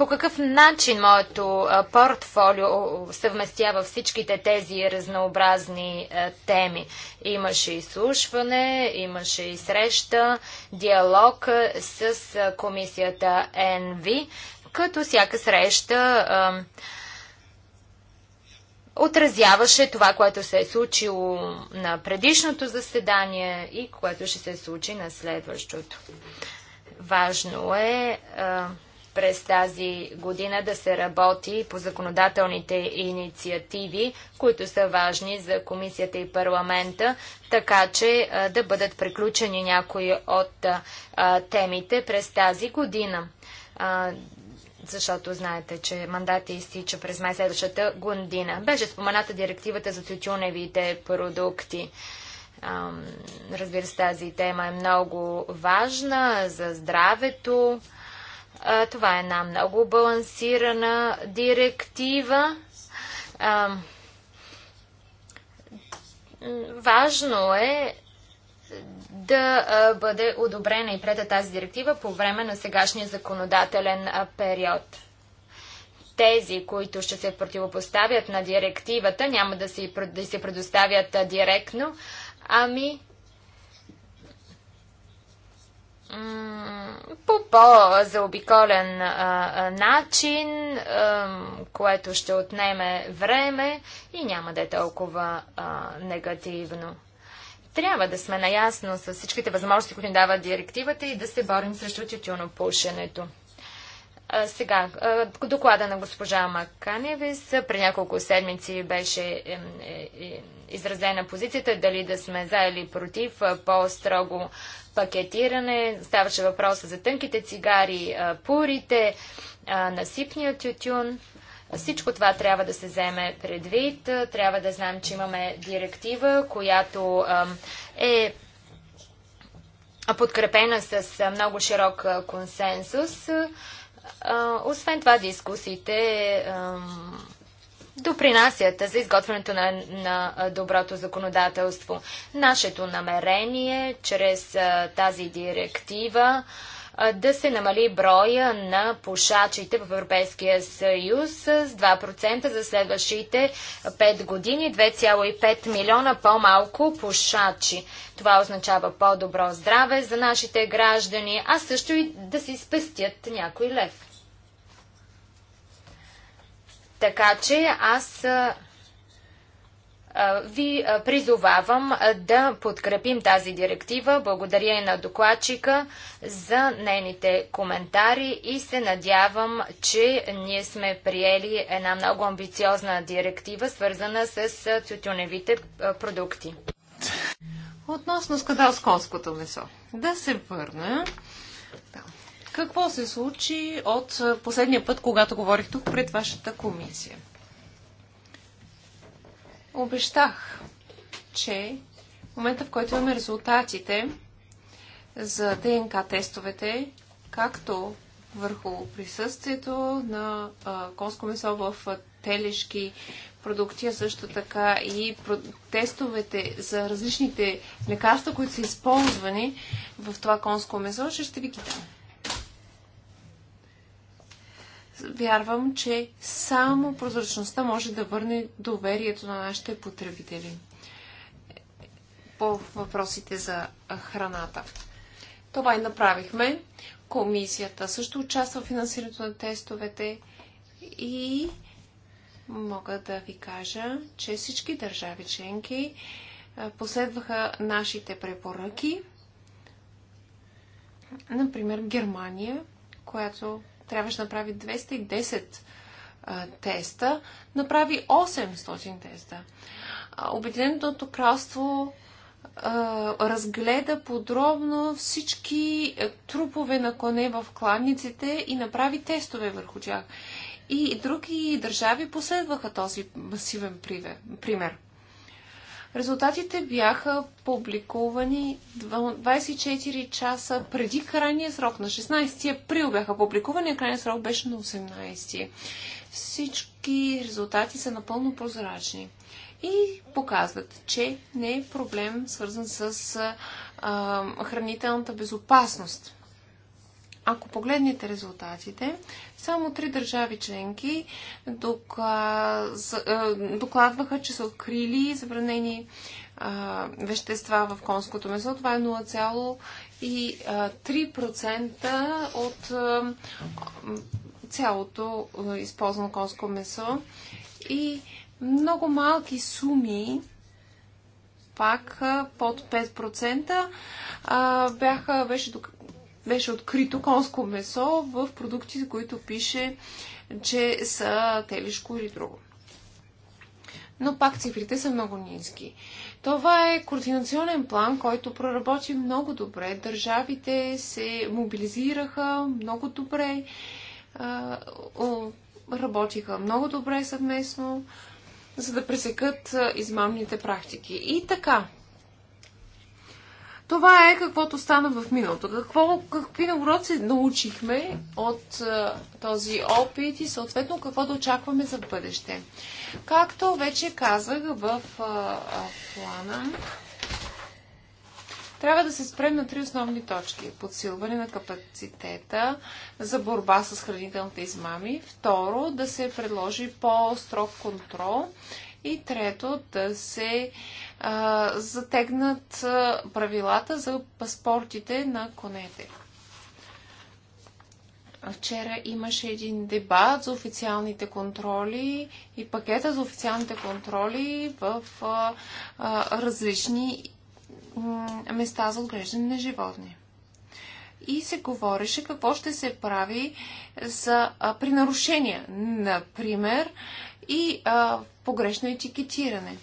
по какъв начин моето портфолио съвместява всичките тези разнообразни теми? Имаше изслушване, имаше и среща, диалог с комисията НВ, като всяка среща отразяваше това, което се е случило на предишното заседание и което ще се случи на следващото. Важно е а, през тази година да се работи по законодателните инициативи, които са важни за комисията и парламента, така че да бъдат приключени някои от темите през тази година. защото знаете, че мандата изтича през май следващата година. Беше спомената директивата за тютюневите продукти. Разбира се, тази тема е много важна за здравето. Това е една много балансирана директива. Важно е да бъде одобрена и преда тази директива по време на сегашния законодателен период. Тези, които ще се противопоставят на директивата, няма да се предоставят директно, ами по по-заобиколен начин, което ще отнеме време и няма да е толкова а, негативно. Трябва да сме наясно с всичките възможности, които ни дава директивата и да се борим срещу тютюнопушенето. Сега, доклада на госпожа Маканевис при няколко седмици беше е, е, изразена позицията дали да сме за или против по-строго пакетиране. Ставаше въпроса за тънките цигари, пурите, насипния тютюн. Всичко това трябва да се вземе предвид. Трябва да знаем, че имаме директива, която е подкрепена с много широк консенсус. Освен това, дискусиите допринасят за изготвянето на, на доброто законодателство. Нашето намерение чрез тази директива да се намали броя на пушачите в Европейския съюз с 2% за следващите 5 години, 2,5 милиона по-малко пушачи. Това означава по-добро здраве за нашите граждани, а също и да си спестят някой лев. Така че аз ви призовавам да подкрепим тази директива. Благодаря и на докладчика за нейните коментари и се надявам, че ние сме приели една много амбициозна директива, свързана с тютюневите продукти. Относно скандалсконското месо. Да се върна какво се случи от последния път, когато говорих тук пред вашата комисия? Обещах, че в момента, в който имаме резултатите за ДНК тестовете, както върху присъствието на конско месо в телешки продукти, а също така и тестовете за различните лекарства, които са използвани в това конско месо, ще, ще ви ги дам вярвам, че само прозрачността може да върне доверието на нашите потребители по въпросите за храната. Това и направихме. Комисията също участва в финансирането на тестовете и мога да ви кажа, че всички държави членки последваха нашите препоръки. Например, Германия, която трябваше да направи 210 а, теста, направи 800 теста. Обединеното кралство разгледа подробно всички трупове на коне в кланниците и направи тестове върху тях. И други държави последваха този масивен пример. Резултатите бяха публикувани 24 часа преди крайния срок. На 16 април бяха публикувани, а крайния срок беше на 18. Всички резултати са напълно прозрачни и показват, че не е проблем свързан с а, хранителната безопасност. Ако погледнете резултатите, само три държави членки е, докладваха, че са открили забранени е, вещества в конското месо. Това е 0,3% е, от цялото използвано конско месо. И много малки суми пак под 5% бяха, беше беше открито конско месо в продукти, за които пише, че са телешко или друго. Но пак цифрите са много ниски. Това е координационен план, който проработи много добре. Държавите се мобилизираха много добре, работиха много добре съвместно, за да пресекат измамните практики. И така, това е каквото стана в миналото. Какво, какви уроци научихме от а, този опит и съответно какво да очакваме за бъдеще. Както вече казах в а, а, плана, трябва да се спрем на три основни точки. Подсилване на капацитета за борба с хранителните измами. Второ, да се предложи по-строг контрол. И трето, да се а, затегнат правилата за паспортите на конете. Вчера имаше един дебат за официалните контроли и пакета за официалните контроли в а, а, различни места за отглеждане на животни. И се говореше какво ще се прави за, а, при нарушения. Например, и а, погрешно етикетиране,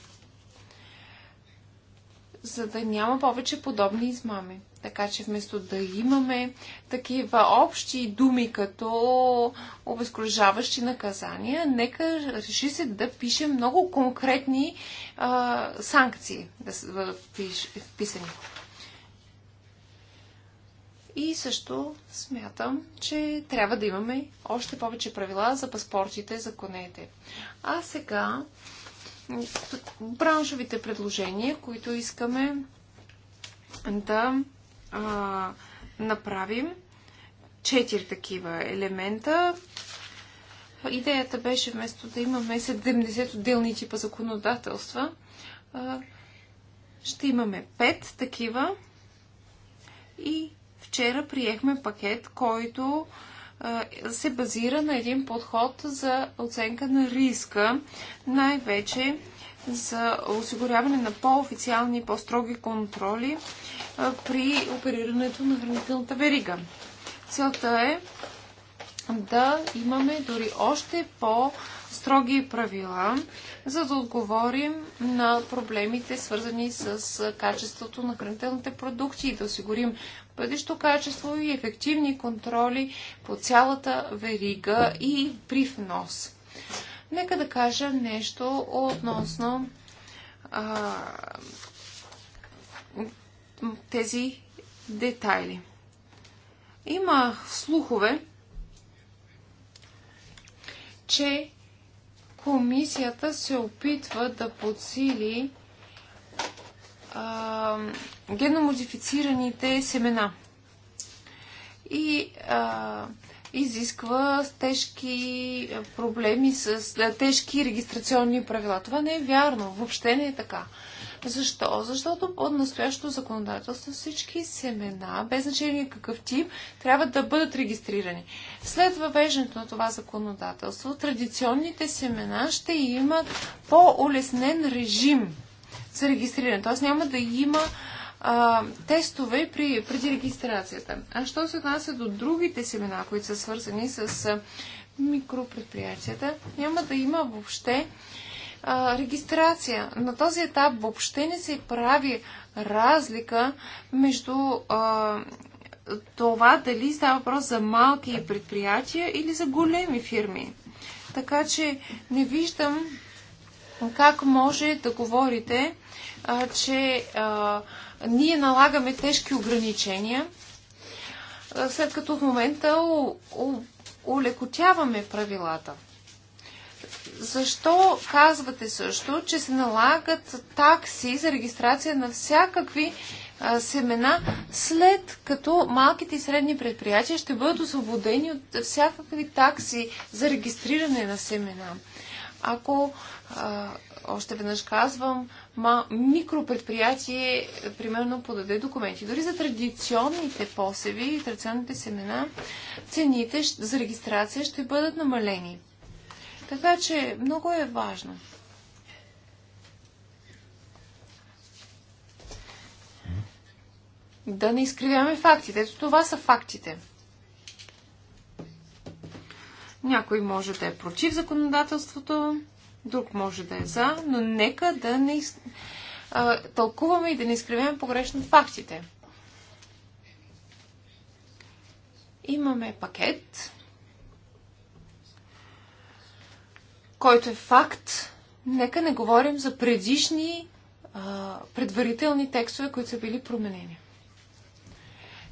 за да няма повече подобни измами. Така че вместо да имаме такива общи думи като обезкружаващи наказания, нека реши се да пише много конкретни а, санкции да са вписани. И също смятам, че трябва да имаме още повече правила за паспортите за конете. А сега браншовите предложения, които искаме да а, направим. Четири такива елемента. Идеята беше вместо да имаме 70 отделни типа законодателства, а, ще имаме 5 такива и Вчера приехме пакет, който се базира на един подход за оценка на риска, най-вече за осигуряване на по-официални и по-строги контроли при оперирането на хранителната верига. Целта е да имаме дори още по-строги правила, за да отговорим на проблемите, свързани с качеството на хранителните продукти и да осигурим бъдещо качество и ефективни контроли по цялата верига и при внос. Нека да кажа нещо относно а, тези детайли. Има слухове, че комисията се опитва да подсили а, геномодифицираните семена и а, изисква тежки проблеми с тежки регистрационни правила. Това не е вярно, въобще не е така. Защо? Защото под настоящото законодателство всички семена, без значение какъв тип, трябва да бъдат регистрирани. След въвеждането на това законодателство, традиционните семена ще имат по-улеснен режим за регистриране. Т.е. няма да има а, тестове при, преди регистрацията. А що се отнася до другите семена, които са свързани с микропредприятията, няма да има въобще а, регистрация. На този етап въобще не се прави разлика между а, това дали става въпрос за малки предприятия или за големи фирми. Така че не виждам как може да говорите, а, че а, ние налагаме тежки ограничения, а, след като в момента у, у, улекотяваме правилата защо казвате също, че се налагат такси за регистрация на всякакви а, семена, след като малките и средни предприятия ще бъдат освободени от всякакви такси за регистриране на семена? Ако, а, още веднъж казвам, ма, микропредприятие, примерно, подаде документи, дори за традиционните посеви и традиционните семена, цените за регистрация ще бъдат намалени така че много е важно. Да не изкривяваме фактите. Ето това са фактите. Някой може да е против законодателството, друг може да е за, но нека да не из... а, тълкуваме и да не изкривяваме погрешно фактите. Имаме пакет, който е факт, нека не говорим за предишни а, предварителни текстове, които са били променени.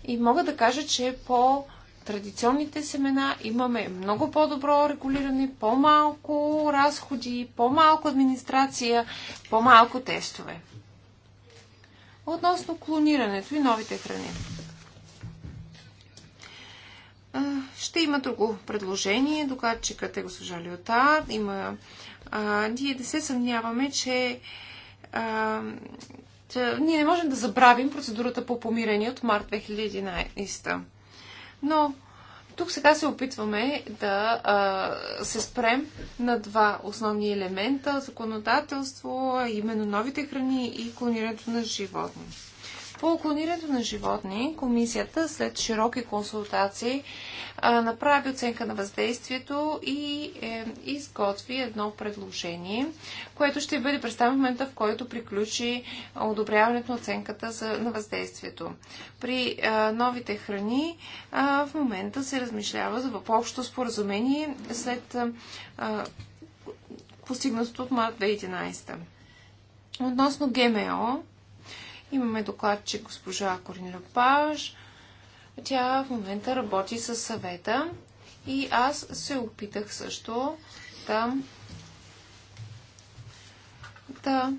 И мога да кажа, че по традиционните семена имаме много по-добро регулиране, по-малко разходи, по-малко администрация, по-малко тестове. Относно клонирането и новите храни. Ще има друго предложение. Докладчикът е госпожа Лиота. Има... А, ние не да се съмняваме, че а, че ние не можем да забравим процедурата по помирение от март 2011. Но тук сега се опитваме да а, се спрем на два основни елемента законодателство, именно новите храни и клонирането на животни. По клонирането на животни, комисията след широки консултации направи оценка на въздействието и е, изготви едно предложение, което ще бъде представено в момента, в който приключи одобряването на оценката за, на въздействието. При новите храни в момента се размишлява за общо споразумение след а, постигнато от март 2011. Относно ГМО, Имаме доклад, че госпожа Корин Рапаж. Тя в момента работи със съвета и аз се опитах също да да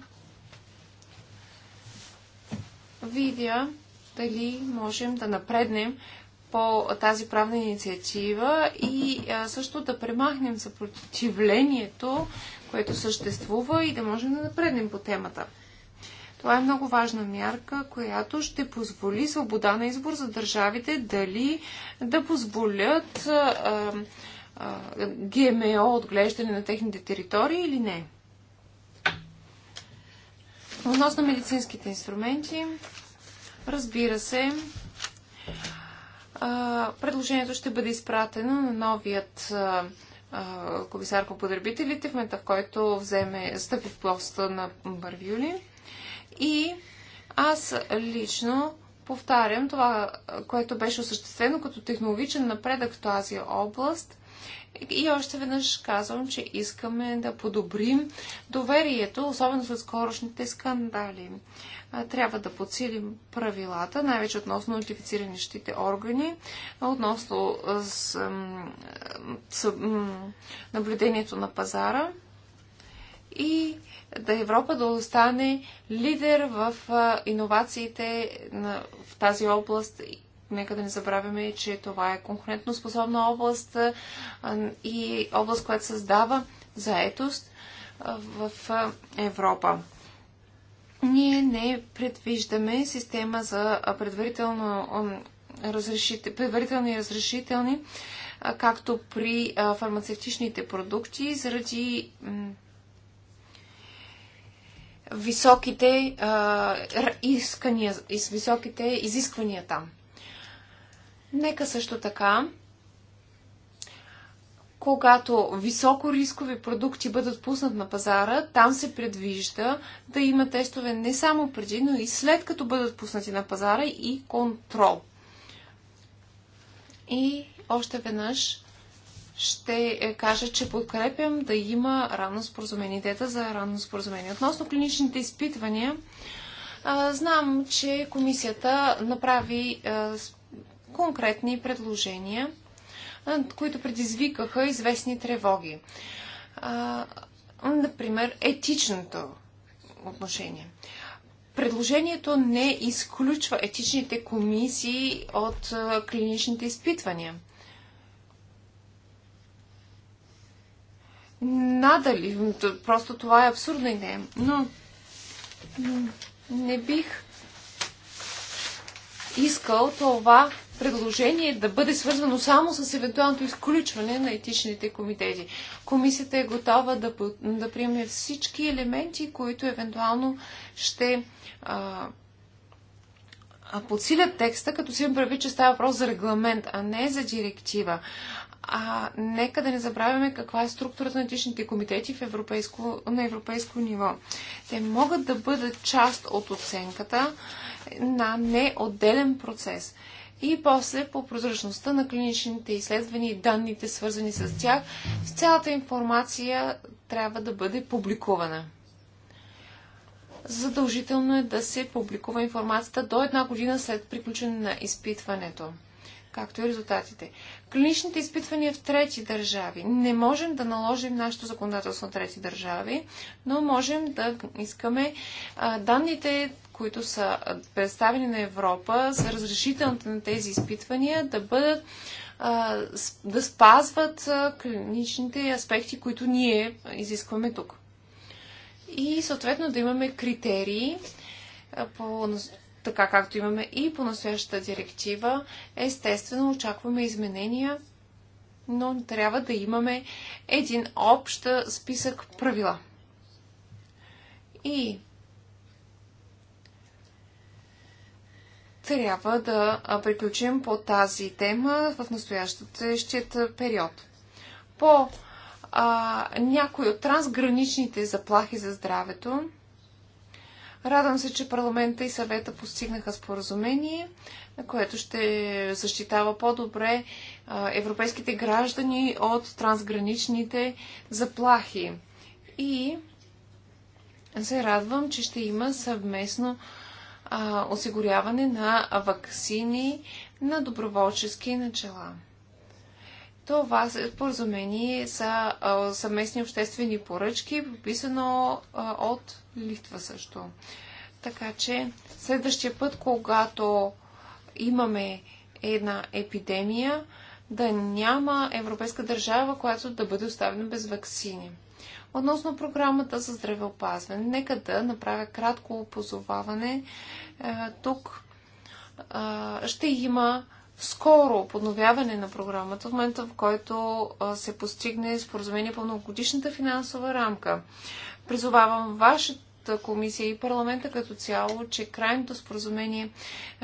видя дали можем да напреднем по тази правна инициатива и също да премахнем съпротивлението, което съществува и да можем да напреднем по темата. Това е много важна мярка, която ще позволи свобода на избор за държавите дали да позволят а, а, ГМО отглеждане на техните територии или не. Относно медицинските инструменти, разбира се, предложението ще бъде изпратено на новият комисар по потребителите в момента, в който вземе, стъпи в плоста на 1 юли. И аз лично повтарям това, което беше осъществено като технологичен напредък в тази област. И още веднъж казвам, че искаме да подобрим доверието, особено след скорошните скандали. Трябва да подсилим правилата, най-вече относно нотифициращите органи, относно с, с, наблюдението на пазара и да Европа да остане лидер в иновациите в тази област. Нека да не забравяме, че това е конкурентно способна област и област, която създава заетост в Европа. Ние не предвиждаме система за предварително разрешите, предварителни и разрешителни, както при фармацевтичните продукти, заради високите а, искания, с високите изисквания там. Нека също така, когато високо рискови продукти бъдат пуснат на пазара, там се предвижда да има тестове не само преди, но и след като бъдат пуснати на пазара и контрол. И още веднъж ще е, кажа, че подкрепям да има ранно споразумение, идеята за ранно споразумение. Относно клиничните изпитвания, знам, че комисията направи конкретни предложения, които предизвикаха известни тревоги. Например, етичното отношение. Предложението не изключва етичните комисии от клиничните изпитвания. надали. Просто това е абсурдна идея. Но не бих искал това предложение да бъде свързано само с евентуалното изключване на етичните комитети. Комисията е готова да, да приеме всички елементи, които евентуално ще а, подсилят текста, като си им прави, че става въпрос за регламент, а не за директива. А нека да не забравяме каква е структурата на етичните комитети в европейско, на европейско ниво. Те могат да бъдат част от оценката на неотделен процес. И после по прозрачността на клиничните изследвания и данните, свързани с тях, цялата информация трябва да бъде публикувана. Задължително е да се публикува информацията до една година след приключване на изпитването както и резултатите. Клиничните изпитвания в трети държави. Не можем да наложим нашето законодателство на трети държави, но можем да искаме а, данните, които са представени на Европа за разрешителните на тези изпитвания, да бъдат а, да спазват а, клиничните аспекти, които ние изискваме тук. И съответно да имаме критерии по така както имаме и по настоящата директива. Естествено, очакваме изменения, но трябва да имаме един общ списък правила. И трябва да приключим по тази тема в настоящият период. По а, някои от трансграничните заплахи за здравето, Радвам се, че парламента и съвета постигнаха споразумение, което ще защитава по-добре европейските граждани от трансграничните заплахи. И се радвам, че ще има съвместно осигуряване на вакцини на доброволчески начала. Това споразумение за съместни обществени поръчки, подписано от Литва също. Така че следващия път, когато имаме една епидемия, да няма европейска държава, която да бъде оставена без вакцини. Относно програмата за здравеопазване, нека да направя кратко опозоваване. Е, тук е, ще има скоро подновяване на програмата, в момента в който се постигне споразумение по многогодишната финансова рамка. Призовавам вашата комисия и парламента като цяло, че крайното споразумение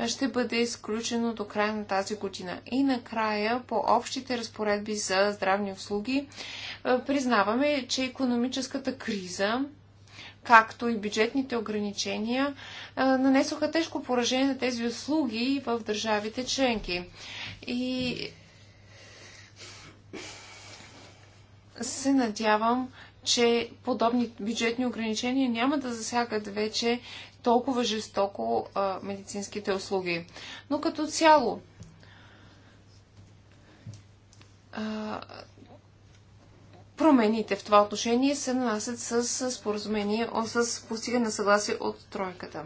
ще бъде изключено до края на тази година. И накрая, по общите разпоредби за здравни услуги, признаваме, че економическата криза както и бюджетните ограничения, нанесоха тежко поражение на тези услуги в държавите членки. И се надявам, че подобни бюджетни ограничения няма да засягат вече толкова жестоко а, медицинските услуги. Но като цяло, а, промените в това отношение се нанасят с споразумение, с постигане на съгласие от тройката.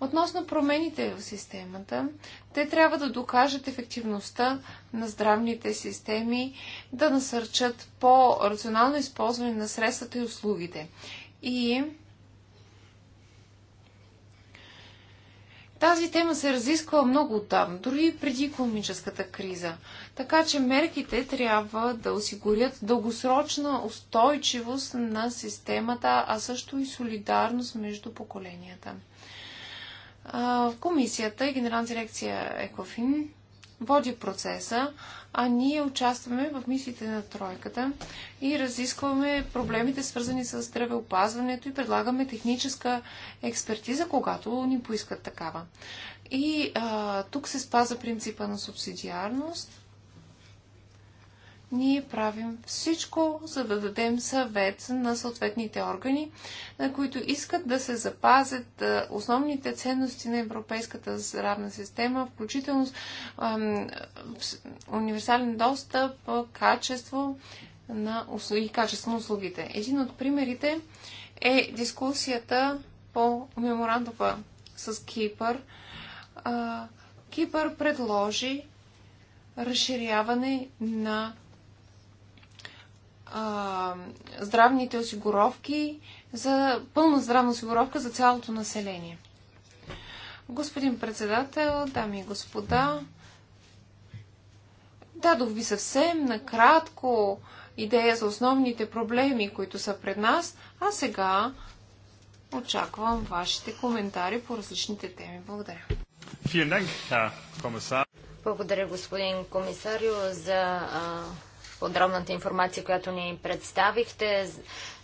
Относно промените в системата, те трябва да докажат ефективността на здравните системи, да насърчат по-рационално използване на средствата и услугите. И Тази тема се разисква много там, дори преди економическата криза. Така че мерките трябва да осигурят дългосрочна устойчивост на системата, а също и солидарност между поколенията. В комисията и е Генерална дирекция ЕКОФИН води процеса, а ние участваме в мислите на тройката и разискваме проблемите, свързани с здравеопазването и предлагаме техническа експертиза, когато ни поискат такава. И а, тук се спаза принципа на субсидиарност ние правим всичко, за да дадем съвет на съответните органи, на които искат да се запазят основните ценности на европейската здравна система, включително универсален достъп, качество на услуги, качество на услугите. Един от примерите е дискусията по меморандума с Кипър. Кипър предложи разширяване на а, здравните осигуровки, за пълна здравна осигуровка за цялото население. Господин председател, дами и господа, дадох ви съвсем накратко идея за основните проблеми, които са пред нас, а сега очаквам вашите коментари по различните теми. Благодаря. Благодаря, господин комисарио, за подробната информация, която ни представихте,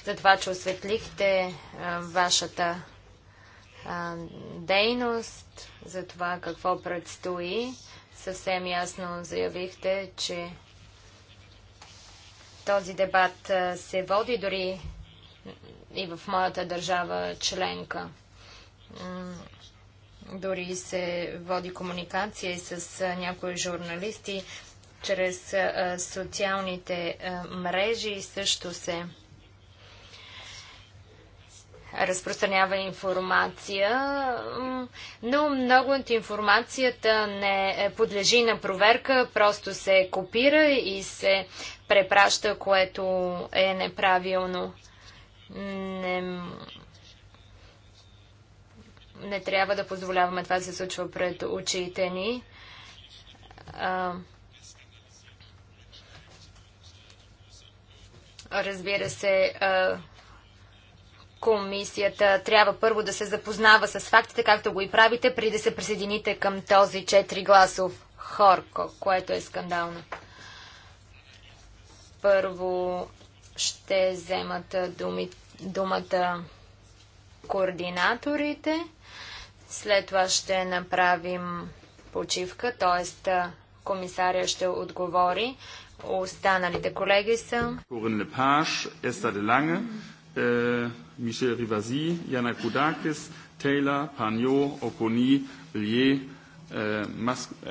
за това, че осветлихте а, вашата а, дейност, за това какво предстои. Съвсем ясно заявихте, че този дебат се води дори и в моята държава членка. Дори се води комуникация и с някои журналисти чрез социалните мрежи също се разпространява информация, но много от информацията не е, подлежи на проверка, просто се копира и се препраща, което е неправилно. Не, не трябва да позволяваме това да се случва пред очите ни. Разбира се, комисията трябва първо да се запознава с фактите, както го и правите, преди да се присъедините към този 4 гласов хор, което е скандално. Първо ще вземат думи, думата координаторите. След това ще направим почивка, т.е. комисаря ще отговори Останалите колеги са... Корин Лепаш, Еста Деланге, Мишел Ривази, Яна Кудакис, Taylor, Паньо, Oconi, Лие,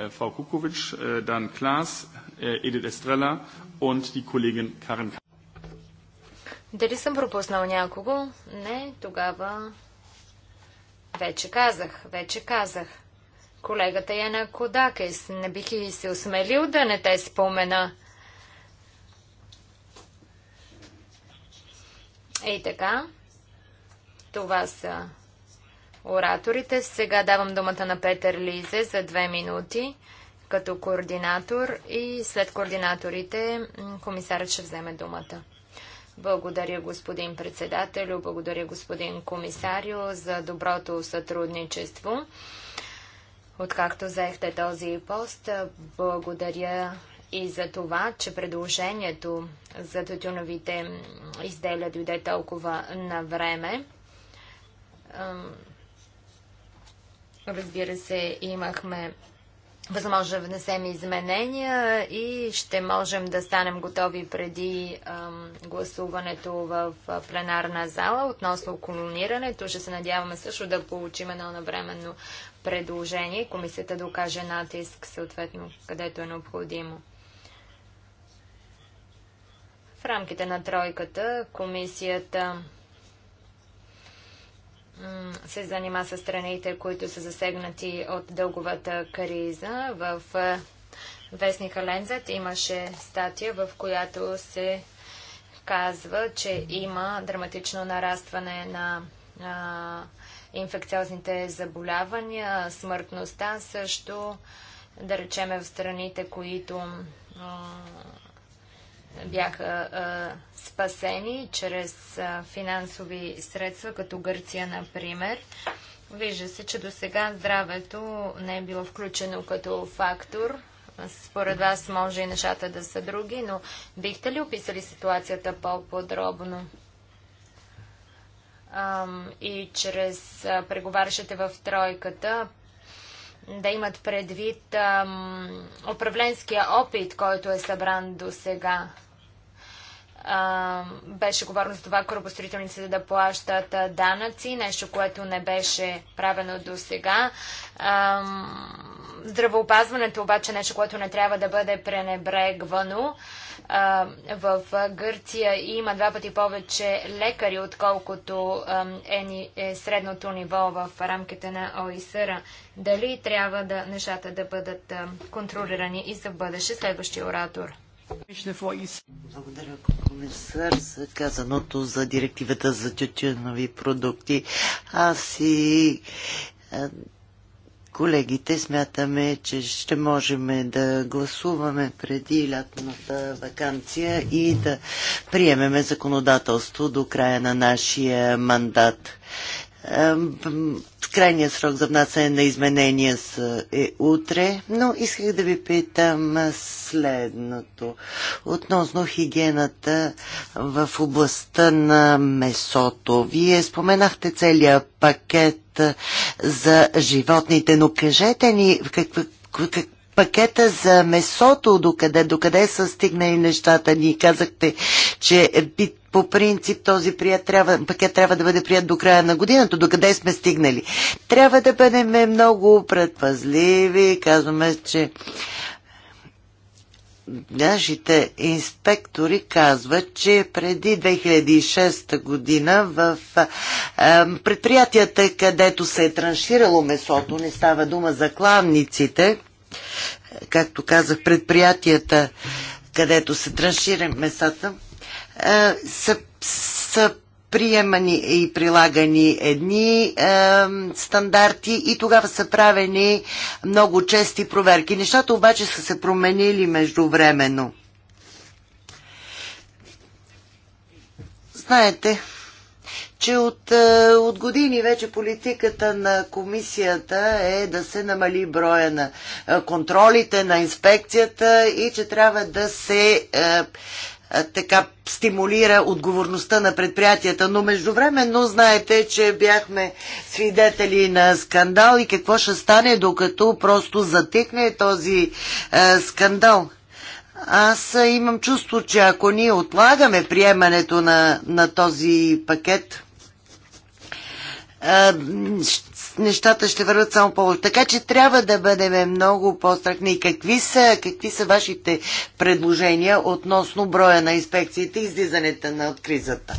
Фау Кукович, Дан Клас, Едит Естрела и Klaas, äh, Edith Дали съм пропуснал някого? Не, тогава вече казах, вече казах. Колегата Яна Кодакес, не бих и се осмелил да не те спомена. Ей така, това са ораторите. Сега давам думата на Петър Лизе за две минути като координатор и след координаторите комисарът ще вземе думата. Благодаря господин председателю, благодаря господин комисарио за доброто сътрудничество. Откакто заехте този пост, благодаря и за това, че предложението за тютюновите изделия дойде толкова на време. Разбира се, имахме възможност да внесем изменения и ще можем да станем готови преди гласуването в пленарна зала относно колонирането. Ще се надяваме също да получим едно навременно предложение. Комисията да окаже натиск, съответно, където е необходимо. В рамките на тройката комисията се занима с страните, които са засегнати от дълговата криза. В е, вестника Лензът имаше статия, в която се казва, че има драматично нарастване на инфекциозните заболявания, смъртността също, да речеме в страните, които бяха а, спасени чрез а, финансови средства, като Гърция, например. Вижда се, че до сега здравето не е било включено като фактор. Според вас може и нещата да са други, но бихте ли описали ситуацията по-подробно? и чрез преговарящите в тройката да имат предвид ам, управленския опит, който е събран до сега. Беше говорено за това корабостроителниците да плащат а, данъци, нещо, което не беше правено до сега. Здравеопазването обаче е нещо, което не трябва да бъде пренебрегвано в Гърция има два пъти повече лекари, отколкото е, е средното ниво в рамките на ОИСР. Дали трябва да нещата да бъдат контролирани и за бъдеще следващия оратор? Благодаря, комисар, за казаното за директивата за тютюнови продукти. Аз и е, колегите смятаме, че ще можем да гласуваме преди лятната вакансия и да приемеме законодателство до края на нашия мандат. Крайният срок за внасяне на изменения е утре, но исках да ви питам следното. Относно хигиената в областта на месото. Вие споменахте целият пакет за животните, но кажете ни каква, как, пакета за месото, докъде, докъде са стигнали нещата. ни, казахте, че би по принцип този прият трябва, пакет трябва да бъде прият до края на годината. До къде сме стигнали? Трябва да бъдем много предпазливи. Казваме, че нашите инспектори казват, че преди 2006 година в предприятията, където се е транширало месото, не става дума за клавниците, както казах, предприятията, където се траншира месата, е, са, са приемани и прилагани едни е, стандарти и тогава са правени много чести проверки. Нещата обаче са се променили междувременно. Знаете, че от, е, от години вече политиката на комисията е да се намали броя на е, контролите, на инспекцията и че трябва да се така стимулира отговорността на предприятията. Но междувременно знаете, че бяхме свидетели на скандал и какво ще стане, докато просто затихне този е, скандал. Аз имам чувство, че ако ние отлагаме приемането на, на този пакет, е, нещата ще върват само по Така че трябва да бъдем много по-страхни. Какви са, какви са вашите предложения относно броя на инспекциите и излизането на кризата?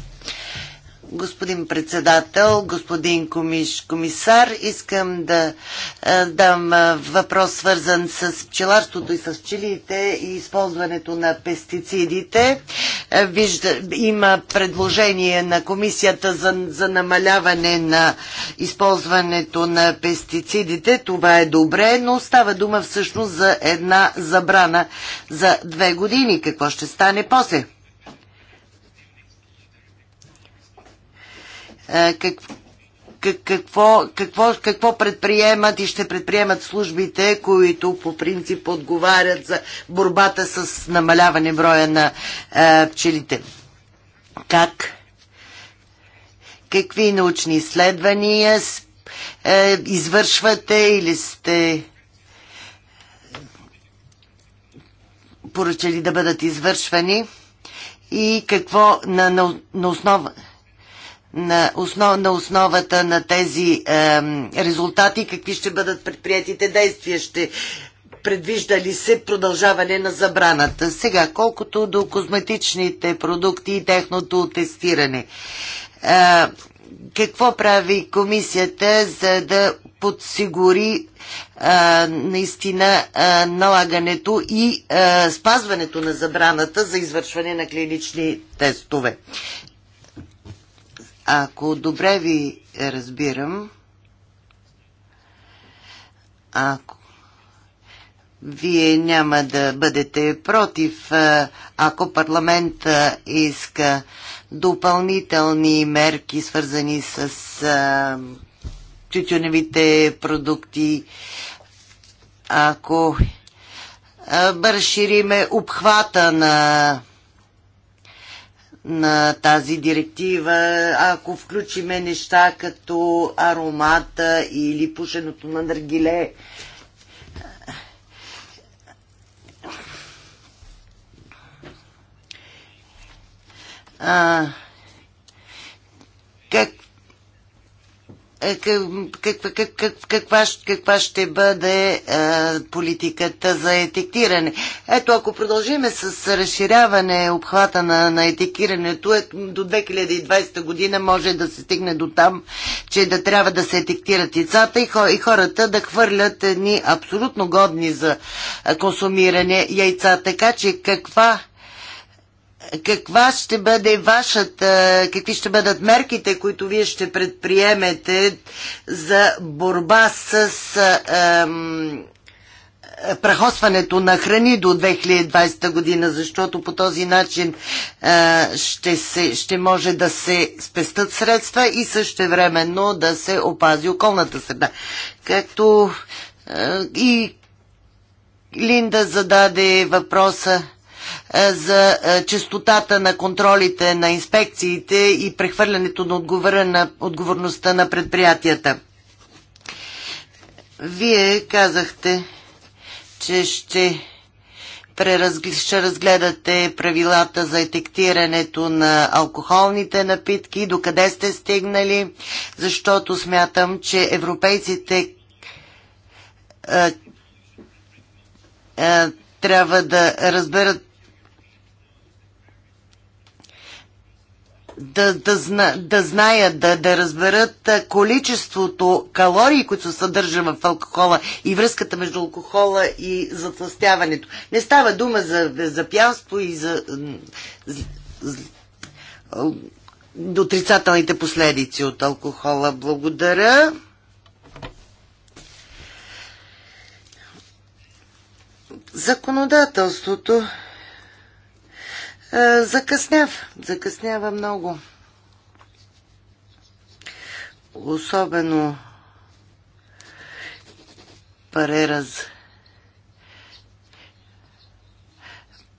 господин председател, господин комиш, комисар. Искам да а, е, дам е, въпрос свързан с пчеларството и с пчелите и използването на пестицидите. А, е, вижда, има предложение на комисията за, за намаляване на използването на пестицидите. Това е добре, но става дума всъщност за една забрана за две години. Какво ще стане после? Е, как, какво, какво, какво предприемат и ще предприемат службите, които по принцип отговарят за борбата с намаляване броя на е, пчелите. Как? Какви научни изследвания е, извършвате или сте поръчали да бъдат извършвани и какво на, на, на основа на, основ, на основата на тези е, резултати, какви ще бъдат предприятите действия, ще предвижда ли се продължаване на забраната. Сега, колкото до козметичните продукти и техното тестиране, е, какво прави комисията, за да подсигури а, е, наистина а, е, налагането и а, е, спазването на забраната за извършване на клинични тестове. Ако добре ви разбирам, ако вие няма да бъдете против, ако парламента иска допълнителни мерки, свързани с чучуневите продукти, ако разшириме обхвата на на тази директива, ако включиме неща като аромата или пушеното на наргиле, а, как, е, каква, как, каква, каква ще бъде а, е, политиката за етикетиране. Ето, ако продължиме с разширяване обхвата на, на етикирането, е, до 2020 година може да се стигне до там, че да трябва да се етиктират яйцата и, и хората да хвърлят едни абсолютно годни за е, консумиране яйца. Така че каква каква ще бъде вашата, какви ще бъдат мерките, които вие ще предприемете за борба с ем, прахосването на храни до 2020 година, защото по този начин е, ще, се, ще може да се спестат средства и също времено да се опази околната среда. Както е, и Линда зададе въпроса е, за е, частотата на контролите на инспекциите и прехвърлянето на, отговорността на предприятията. Вие казахте, че ще, ще разгледате правилата за етектирането на алкохолните напитки, докъде сте стигнали, защото смятам, че европейците а, е, а, трябва да разберат да, да, зна, да знаят, да, да разберат количеството калории, които се съдържа в алкохола и връзката между алкохола и затластяването. Не става дума за, за пянство и за, за, за отрицателните последици от алкохола. Благодаря. Законодателството закъснява. Закъснява много. Особено прераз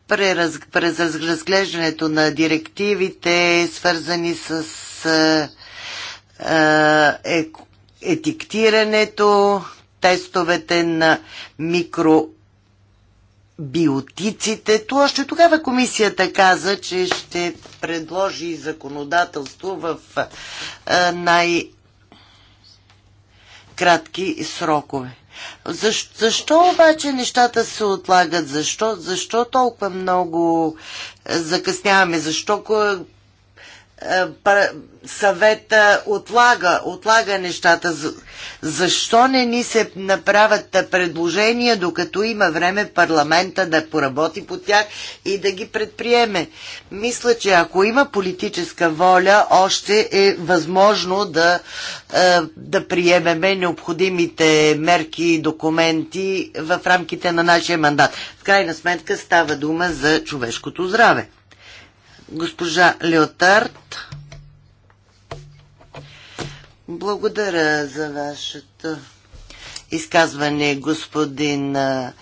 прераз, разглеждането на директивите, свързани с а, е, етиктирането, тестовете на микро биотиците. То още тогава комисията каза, че ще предложи законодателство в най- кратки срокове. Защо, защо обаче нещата се отлагат? Защо, защо толкова много закъсняваме? Защо е, съвета отлага, отлага нещата. Защо не ни се направят предложения, докато има време парламента да поработи по тях и да ги предприеме? Мисля, че ако има политическа воля, още е възможно да, е, да приемеме необходимите мерки и документи в рамките на нашия мандат. В крайна сметка става дума за човешкото здраве. Госпожа Леотард. Благодаря за вашето изказване, господин а,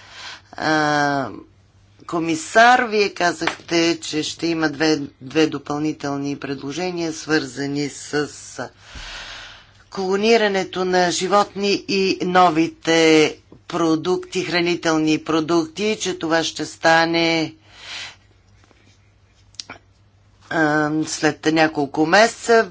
комисар. Вие казахте, че ще има две, две допълнителни предложения, свързани с колонирането на животни и новите продукти, хранителни продукти, че това ще стане след няколко месеца.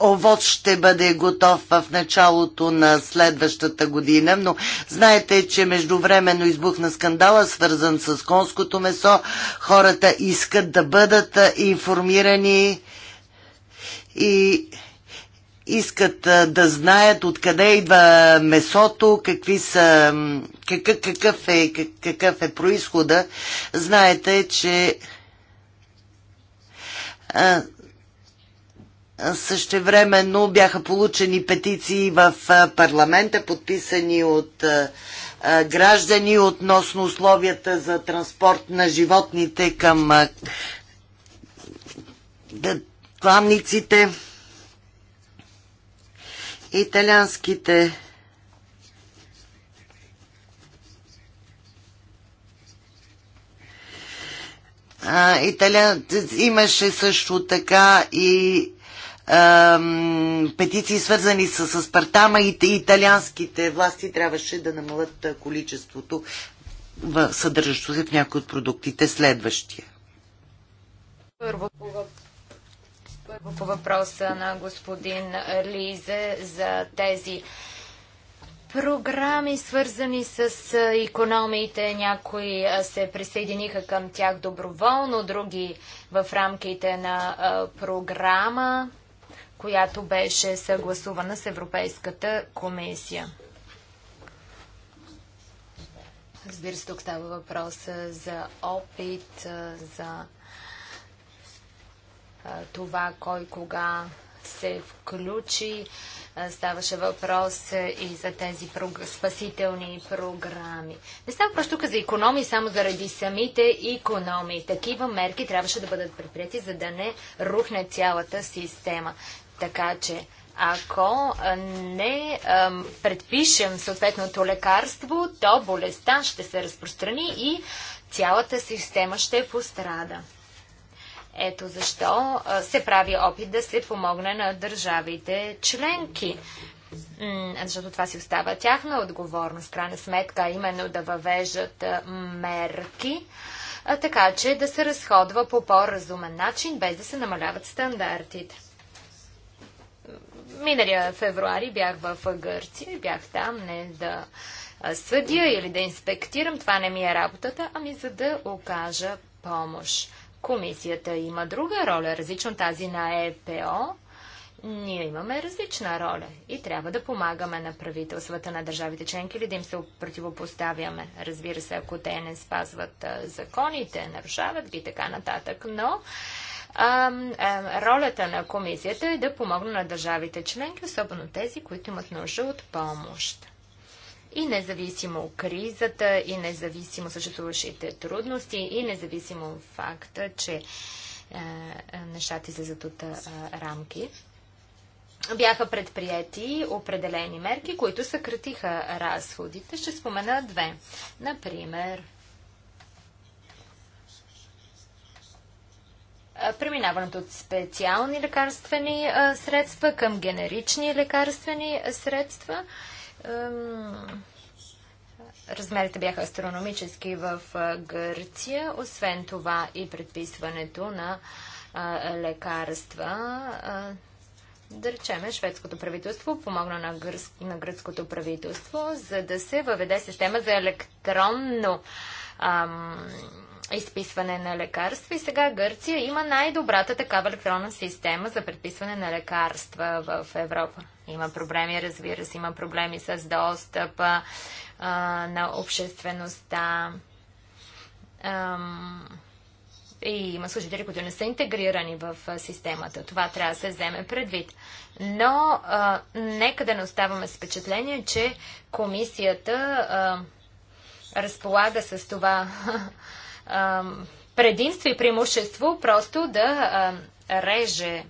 Овод ще бъде готов в началото на следващата година, но знаете, че междувременно избухна скандала, свързан с конското месо. Хората искат да бъдат информирани и искат да знаят откъде идва месото, какви са, какъв, какъв, е, какъв е происхода. Знаете, че Същевременно бяха получени петиции в парламента, подписани от граждани относно условията за транспорт на животните към кламниците. Италианските А, Италия имаше също така и петиции свързани с Аспартама и италианските власти трябваше да намалят количеството в съдържащо се в някои от продуктите следващия. Първо по, първо по въпроса на господин Лизе за тези програми, свързани с економиите. Някои се присъединиха към тях доброволно, други в рамките на програма, която беше съгласувана с Европейската комисия. Разбира се, тук става въпрос за опит, за това кой кога се включи ставаше въпрос е, и за тези спасителни програми. Не става просто тук за економии, само заради самите економии. Такива мерки трябваше да бъдат предприяти, за да не рухне цялата система. Така че, ако не ам, предпишем съответното лекарство, то болестта ще се разпространи и цялата система ще пострада. Ето защо се прави опит да се помогне на държавите членки. Защото това си остава тяхна отговорност, крайна сметка, именно да въвеждат мерки, така че да се разходва по по-разумен начин, без да се намаляват стандартите. Миналия февруари бях в Гърция и бях там не да съдя или да инспектирам, това не ми е работата, ами за да окажа помощ. Комисията има друга роля, различно тази на ЕПО. Ние имаме различна роля и трябва да помагаме на правителствата на държавите членки или да им се противопоставяме. Разбира се, ако те не спазват законите, нарушават ги така нататък, но а, а, ролята на комисията е да помогне на държавите членки, особено тези, които имат нужда от помощ. И независимо кризата, и независимо съществуващите трудности, и независимо факта, че е, нещата излизат от е, рамки, бяха предприяти определени мерки, които съкратиха разходите. Ще спомена две. Например, преминаването от специални лекарствени а, средства към генерични лекарствени средства – Размерите бяха астрономически в Гърция. Освен това и предписването на лекарства. да речеме, шведското правителство помогна на, гръц, на гръцкото правителство, за да се въведе система за електронно ам, изписване на лекарства. И сега Гърция има най-добрата такава електронна система за предписване на лекарства в Европа. Има проблеми, разбира се, има проблеми с достъпа а, на обществеността. Ам, и има служители, които не са интегрирани в системата. Това трябва да се вземе предвид. Но а, нека да не оставаме с впечатление, че комисията а, разполага с това а, предимство и преимущество просто да а, реже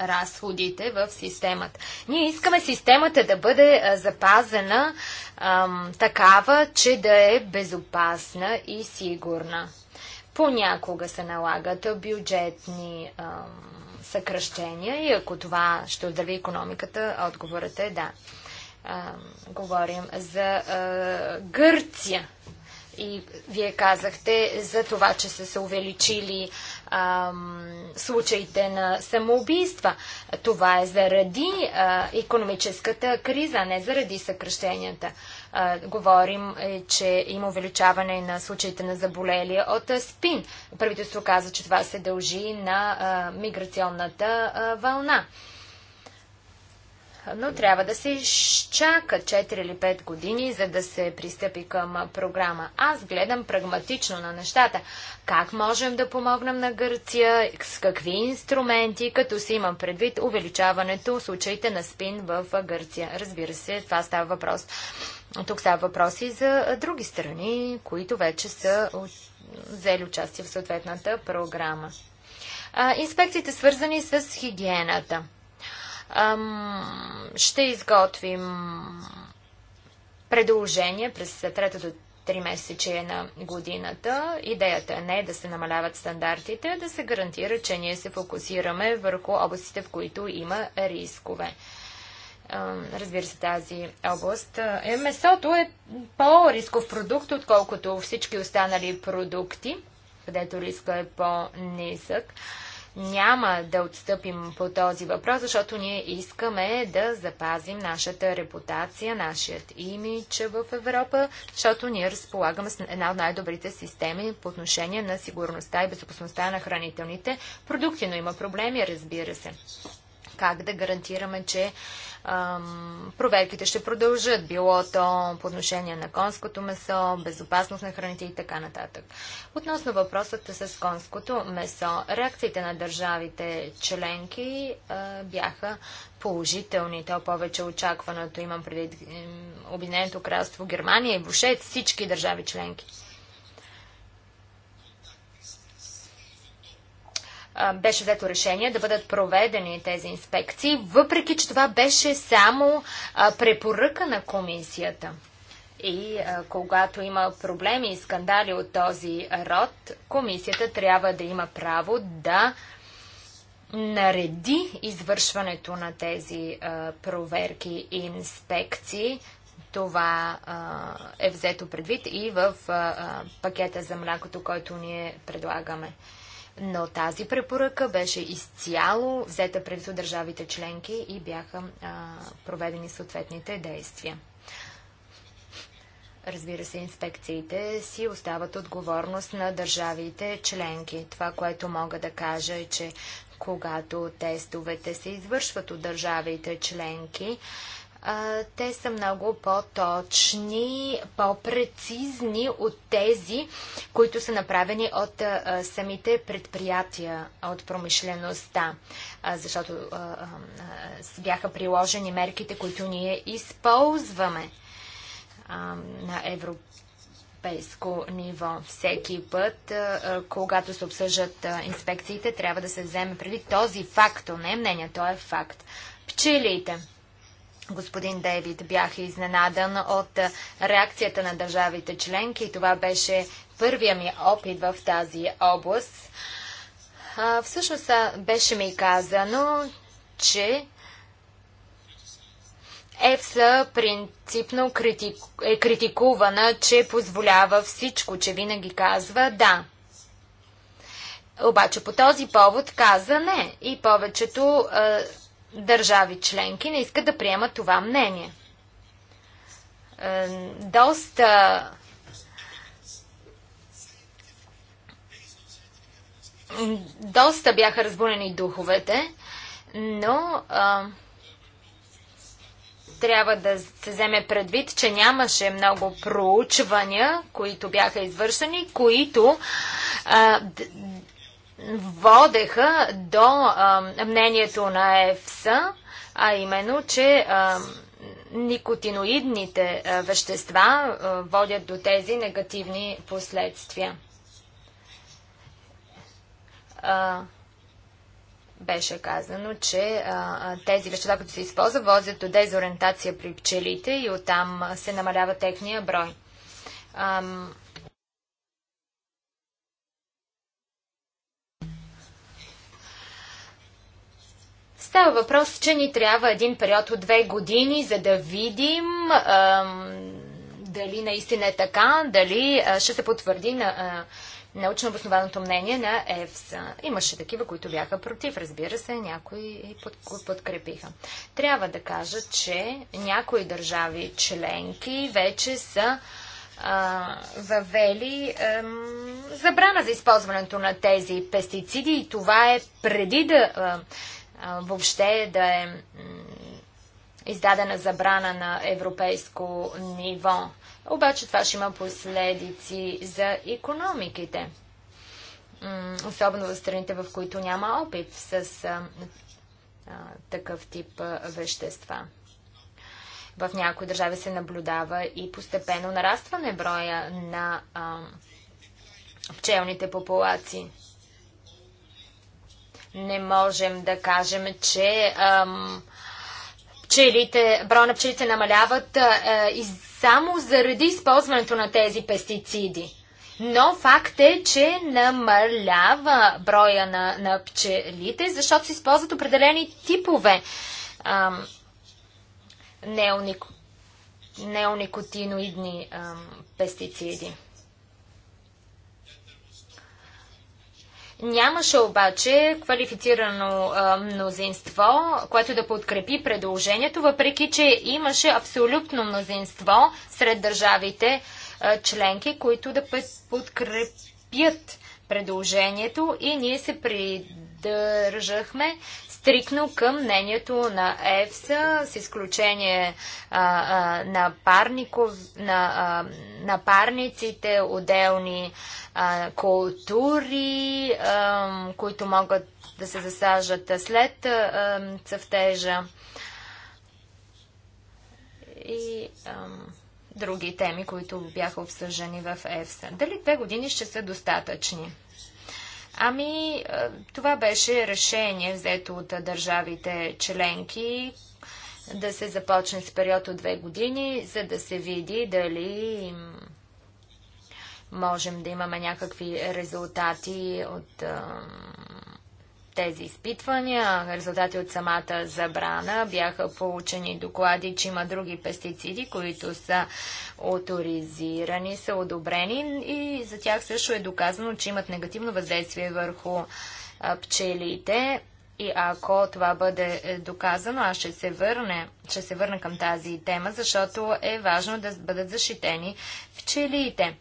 разходите в системата. Ние искаме системата да бъде запазена ам, такава, че да е безопасна и сигурна. Понякога се налагат бюджетни ам, съкръщения и ако това ще отдави економиката, отговорът е да. Ам, говорим за а, Гърция и вие казахте за това, че са се увеличили ам, случаите на самоубийства. Това е заради а, економическата криза, не заради съкръщенията. А, говорим, е, че има увеличаване на случаите на заболели от а, спин. Правителство каза, че това се дължи на а, миграционната а, вълна но трябва да се изчака 4 или 5 години, за да се пристъпи към програма. Аз гледам прагматично на нещата. Как можем да помогнем на Гърция, с какви инструменти, като си имам предвид увеличаването случаите на спин в Гърция. Разбира се, това става въпрос. Тук става въпроси за други страни, които вече са взели участие в съответната програма. Инспекциите свързани с хигиената. Ще изготвим предложение през третото три месече на годината. Идеята не е да се намаляват стандартите, а да се гарантира, че ние се фокусираме върху областите, в които има рискове. Разбира се, тази област. Е, месото е по-рисков продукт, отколкото всички останали продукти, където риска е по-нисък няма да отстъпим по този въпрос, защото ние искаме да запазим нашата репутация, нашият имидж в Европа, защото ние разполагаме с една от най-добрите системи по отношение на сигурността и безопасността на хранителните продукти, но има проблеми, разбира се как да гарантираме, че ам, проверките ще продължат, било то по отношение на конското месо, безопасност на храните и така нататък. Относно въпросът с конското месо, реакциите на държавите членки а, бяха положителни, то повече очакваното имам предвид Обединеното кралство Германия и въобще всички държави членки. беше взето решение да бъдат проведени тези инспекции, въпреки че това беше само препоръка на комисията. И а, когато има проблеми и скандали от този род, комисията трябва да има право да нареди извършването на тези а, проверки и инспекции. Това а, е взето предвид и в а, пакета за млякото, който ние предлагаме но тази препоръка беше изцяло взета пред държавите членки и бяха а, проведени съответните действия. Разбира се, инспекциите си остават отговорност на държавите членки. Това, което мога да кажа е, че когато тестовете се извършват от държавите членки, те са много по-точни, по-прецизни от тези, които са направени от самите предприятия от промишлеността, защото бяха приложени мерките, които ние използваме на европейско ниво. Всеки път, когато се обсъждат инспекциите, трябва да се вземе преди този факт, не е мнение, то е факт. Пчелите господин Дейвид, бях изненадан от реакцията на държавите членки. Това беше първия ми опит в тази област. всъщност беше ми казано, че ЕФСА принципно е критикувана, че позволява всичко, че винаги казва да. Обаче по този повод каза не и повечето е, държави членки не искат да приемат това мнение. Е, доста доста бяха разбунени духовете, но а, трябва да се вземе предвид, че нямаше много проучвания, които бяха извършени, които а, водеха до а, мнението на ЕФСА, а именно, че а, никотиноидните а, вещества а, водят до тези негативни последствия. А, беше казано, че а, тези вещества, които се използват, возят до дезориентация при пчелите и оттам се намалява техния брой. А, Става въпрос, че ни трябва един период от две години, за да видим ам, дали наистина е така, дали а, ще се потвърди на а, научно обоснованото мнение на ЕФСА. Имаше такива, които бяха против, разбира се, някои под, подкрепиха. Трябва да кажа, че някои държави членки вече са въвели забрана за използването на тези пестициди и това е преди да. А, въобще да е издадена забрана на европейско ниво. Обаче това ще има последици за економиките. Особено в страните, в които няма опит с а, а, такъв тип а, вещества. В някои държави се наблюдава и постепенно нарастване броя на а, пчелните популации не можем да кажем, че ам, пчелите, броя на пчелите намаляват а, и само заради използването на тези пестициди. Но факт е, че намалява броя на, на пчелите, защото се използват определени типове ам, неоник, неоникотиноидни ам, пестициди. Нямаше обаче квалифицирано а, мнозинство, което да подкрепи предложението, въпреки че имаше абсолютно мнозинство сред държавите а, членки, които да подкрепят предложението и ние се придържахме стрикно към мнението на ЕФСА, с изключение а, а, на, парников, на, а, парниците, отделни а, култури, а, които могат да се засажат след а, цъфтежа и а, други теми, които бяха обсъждани в ЕФСА. Дали две години ще са достатъчни? Ами, е, това беше решение взето от държавите членки да се започне с период от две години, за да се види дали можем да имаме някакви резултати от тези изпитвания, резултати от самата забрана, бяха получени доклади, че има други пестициди, които са авторизирани, са одобрени и за тях също е доказано, че имат негативно въздействие върху пчелите. И ако това бъде е, доказано, аз ще се, върне, ще се върна към тази тема, защото е важно да бъдат защитени пчелите.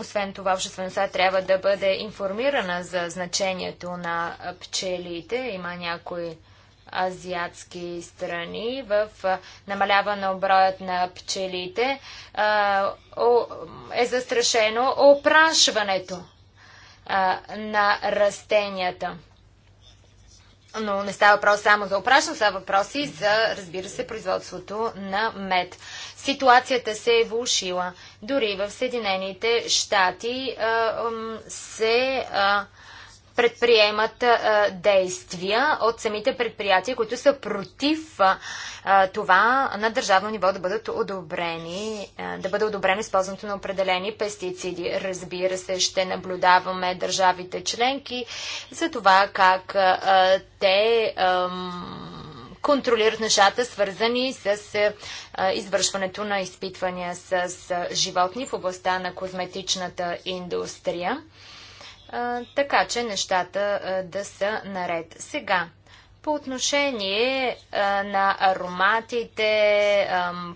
Освен това, обществеността трябва да бъде информирана за значението на пчелите. Има някои азиатски страни в намаляване броят на пчелите е застрашено опрашването на растенията. Но не става въпрос само за опрашване, става въпрос и за, разбира се, производството на мед. Ситуацията се е влушила. Дори в Съединените щати се предприемат действия от самите предприятия, които са против това на държавно ниво да бъдат одобрени, да бъде одобрено използването на определени пестициди. Разбира се, ще наблюдаваме държавите членки за това как те контролират нещата, свързани с е, е, извършването на изпитвания е, с животни в областта на козметичната индустрия. Така че нещата да са наред. Сега, по отношение на ароматите,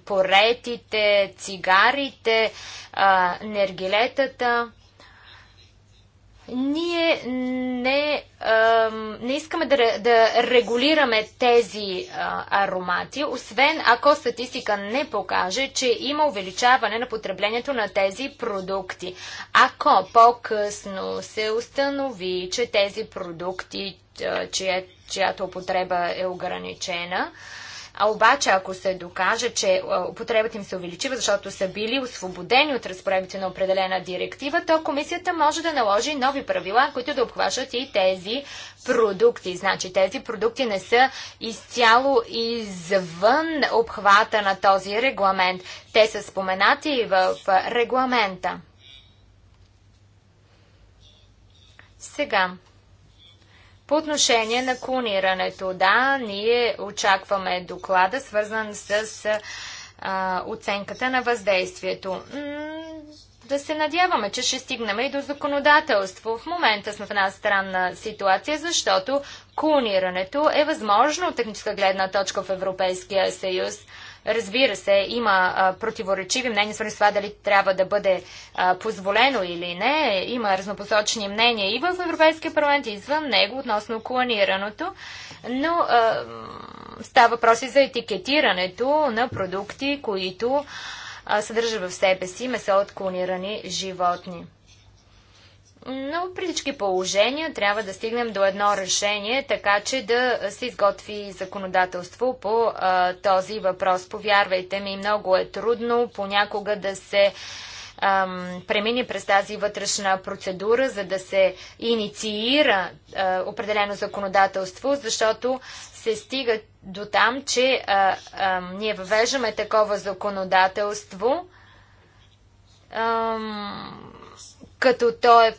поретите, цигарите, енергилетата, нергилетата, ние не, а, не искаме да, да регулираме тези а, аромати, освен ако статистика не покаже, че има увеличаване на потреблението на тези продукти. Ако по-късно се установи, че тези продукти, чия, чиято употреба е ограничена, а, а обаче, ако се докаже, че употребата им се увеличива, защото са били освободени от разпоредбите на определена директива, то комисията може да наложи нови правила, които да обхващат и тези продукти. Значи тези продукти не са изцяло извън обхвата на този регламент. Те са споменати в регламента. Сега, по отношение на клонирането, да, ние очакваме доклада, свързан с а, оценката на въздействието. Да се надяваме, че ще стигнем и до законодателство. В момента сме в една странна ситуация, защото клонирането е възможно от техническа гледна точка в Европейския съюз. Разбира се, има а, противоречиви мнения, свързани с това дали трябва да бъде а, позволено или не. Има разнопосочни мнения и в Европейския парламент, и извън него, относно клонираното. Но а, става въпрос и за етикетирането на продукти, които съдържат в себе си месо от клонирани животни. Но при всички положения трябва да стигнем до едно решение, така че да се изготви законодателство по а, този въпрос. Повярвайте ми, много е трудно понякога да се премини през тази вътрешна процедура, за да се инициира а, определено законодателство, защото се стига до там, че а, а, ние въвеждаме такова законодателство, а, като то е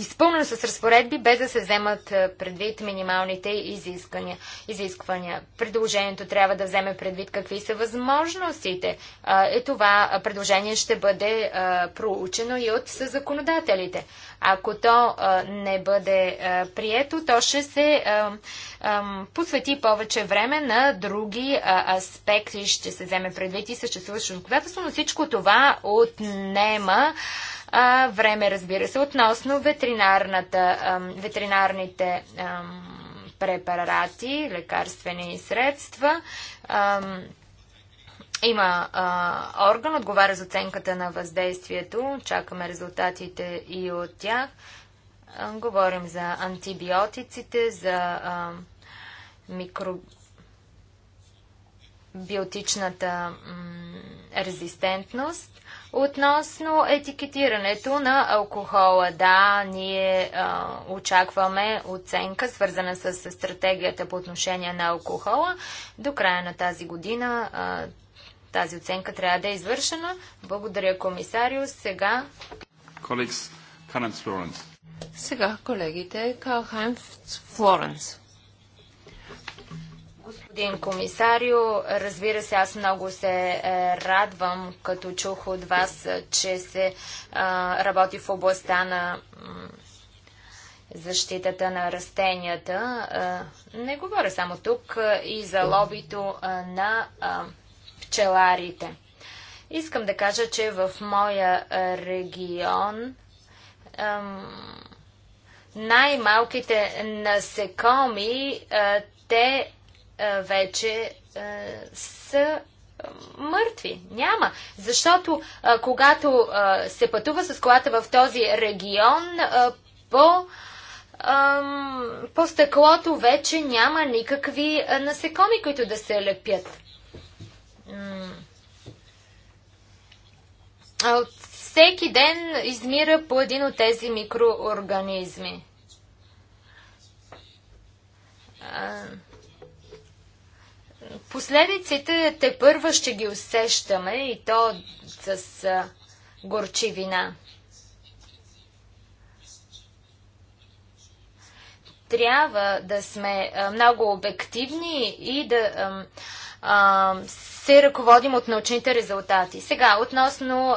изпълнено с разпоредби, без да се вземат е, предвид минималните изисквания. изисквания. Предложението трябва да вземе предвид какви са възможностите. Е, това предложение ще бъде е, проучено и от законодателите. Ако то е, не бъде прието, то ще се посвети повече време на други аспекти, ще се вземе предвид и съществуващо законодателство, но всичко това отнема а, време, разбира се, относно ветеринарната, а, ветеринарните а, препарати, лекарствени средства. А, има а, орган, отговаря за оценката на въздействието. Чакаме резултатите и от тях. А, говорим за антибиотиците, за а, микробиотичната резистентност. Относно етикетирането на алкохола, да, ние а, очакваме оценка, свързана с, с стратегията по отношение на алкохола. До края на тази година а, тази оценка трябва да е извършена. Благодаря, комисарио. Сега. Колегс, Сега колегите Калхайм Флоренс. Господин комисарио, разбира се, аз много се е, радвам, като чух от вас, е, че се е, работи в областта на защитата на растенията. не говоря само тук и за лобито на пчеларите. Искам да кажа, че в моя регион най-малките насекоми те е, вече е, са е, мъртви. Няма. Защото когато се пътува с колата в този регион, по, по стъклото вече няма никакви насекоми, които да се лепят. от всеки ден измира по един от тези микроорганизми. Последиците те първа ще ги усещаме и то с горчивина. Трябва да сме много обективни и да се ръководим от научните резултати. Сега, относно